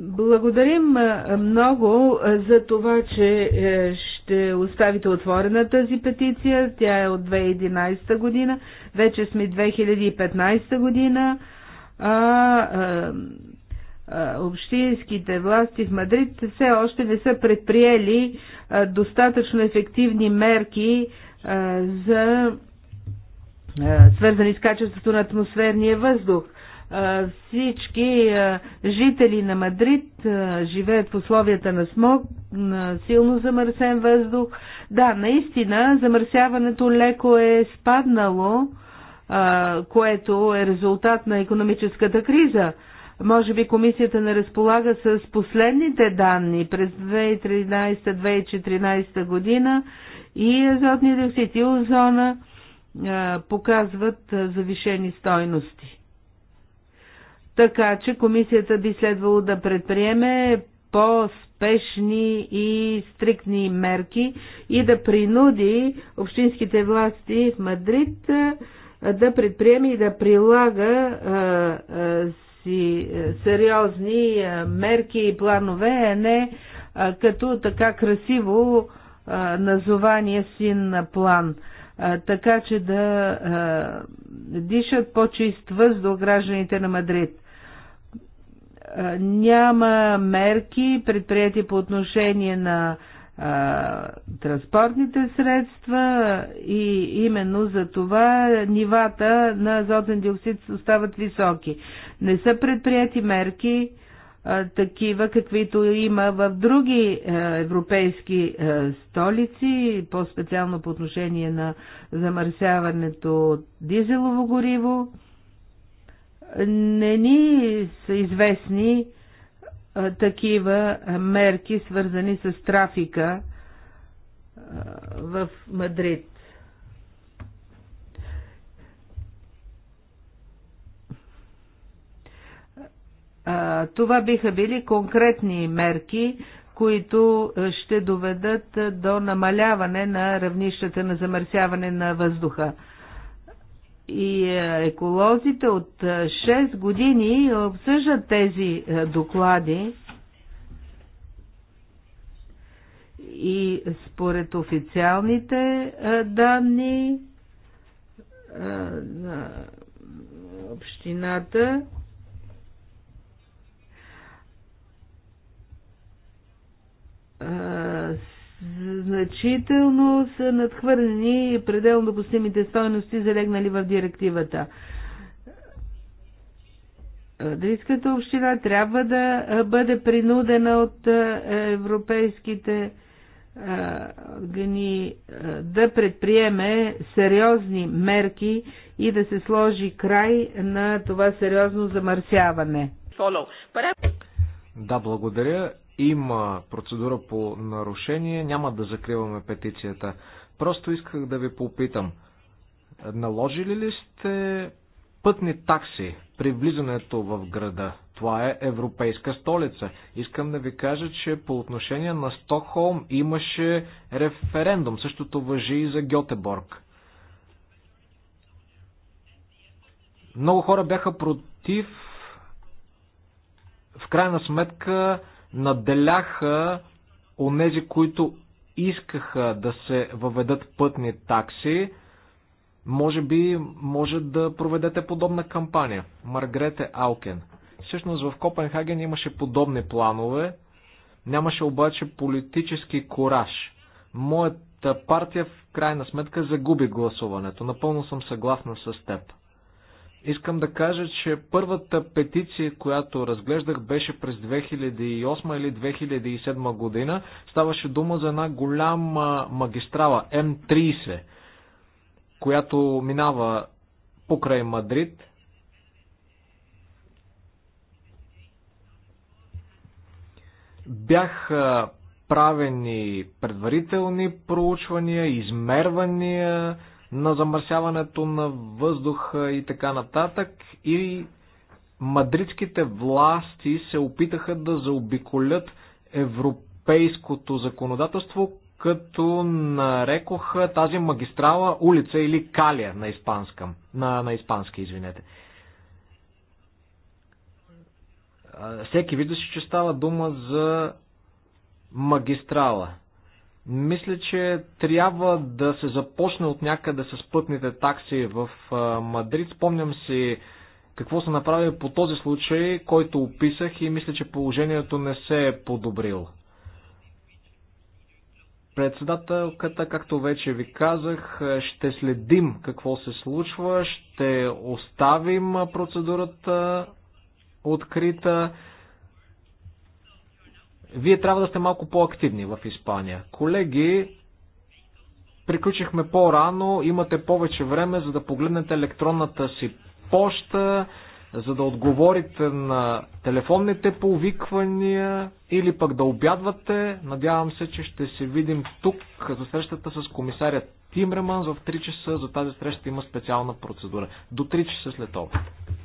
Благодарим много за това, че е, ще оставите отворена тази петиция. Тя е от 2011 година. Вече сме 2015 година. А, а, а, общинските власти в Мадрид все още не са предприели достатъчно ефективни мерки за свързани с качеството на атмосферния въздух. Всички жители на Мадрид живеят в условията на смог, на силно замърсен въздух. Да, наистина замърсяването леко е спаднало, което е резултат на економическата криза. Може би комисията не разполага с последните данни през 2013-2014 година и азотния диоксид и озона показват завишени стойности. Така че комисията би следвало да предприеме по-спешни и стриктни мерки и да принуди общинските власти в Мадрид да предприеме и да прилага си сериозни мерки и планове, а не като така красиво назования син на план, така че да дишат по-чист въздух гражданите на Мадрид. Няма мерки предприяти по отношение на транспортните средства и именно за това нивата на азотен диоксид остават високи. Не са предприяти мерки такива, каквито има в други европейски столици, по-специално по отношение на замърсяването от дизелово гориво. Не ни са известни такива мерки, свързани с трафика в Мадрид. Това биха били конкретни мерки, които е, ще доведат е, до намаляване на равнищата на замърсяване на въздуха. И е, еколозите от 6 години обсъждат тези доклади и според официалните данни на общината значително са надхвърлени пределно допустимите стоености, залегнали в директивата. Дрийската община трябва да бъде принудена от европейските органи да предприеме сериозни мерки и да се сложи край на това сериозно замърсяване. Да, благодаря има процедура по нарушение, няма да закриваме петицията. Просто исках да ви попитам. Наложили ли сте пътни такси при влизането в града? Това е европейска столица. Искам да ви кажа, че по отношение на Стокхолм имаше референдум. Същото въжи и за Гьотеборг. Много хора бяха против. В крайна сметка наделяха онези, които искаха да се въведат пътни такси. Може би може да проведете подобна кампания. Маргрете Алкен. Всъщност в Копенхаген имаше подобни планове, нямаше обаче политически кораж. Моята партия в крайна сметка загуби гласуването. Напълно съм съгласна с теб. Искам да кажа, че първата петиция, която разглеждах, беше през 2008 или 2007 година. Ставаше дума за една голяма магистрала М30, която минава покрай Мадрид. Бях правени предварителни проучвания, измервания, на замърсяването на въздуха и така нататък. И мадридските власти се опитаха да заобиколят европейското законодателство, като нарекоха тази магистрала улица или калия на, испанска, на, на испански, извинете. Всеки виждаше, че става дума за магистрала. Мисля, че трябва да се започне от някъде с пътните такси в Мадрид. Спомням си какво са направили по този случай, който описах и мисля, че положението не се е подобрило. Председателката, както вече ви казах, ще следим какво се случва, ще оставим процедурата открита. Вие трябва да сте малко по-активни в Испания. Колеги, приключихме по-рано, имате повече време, за да погледнете електронната си поща, за да отговорите на телефонните повиквания или пък да обядвате. Надявам се, че ще се видим тук за срещата с комисаря Тимреман. в 3 часа. За тази среща има специална процедура. До 3 часа след обед.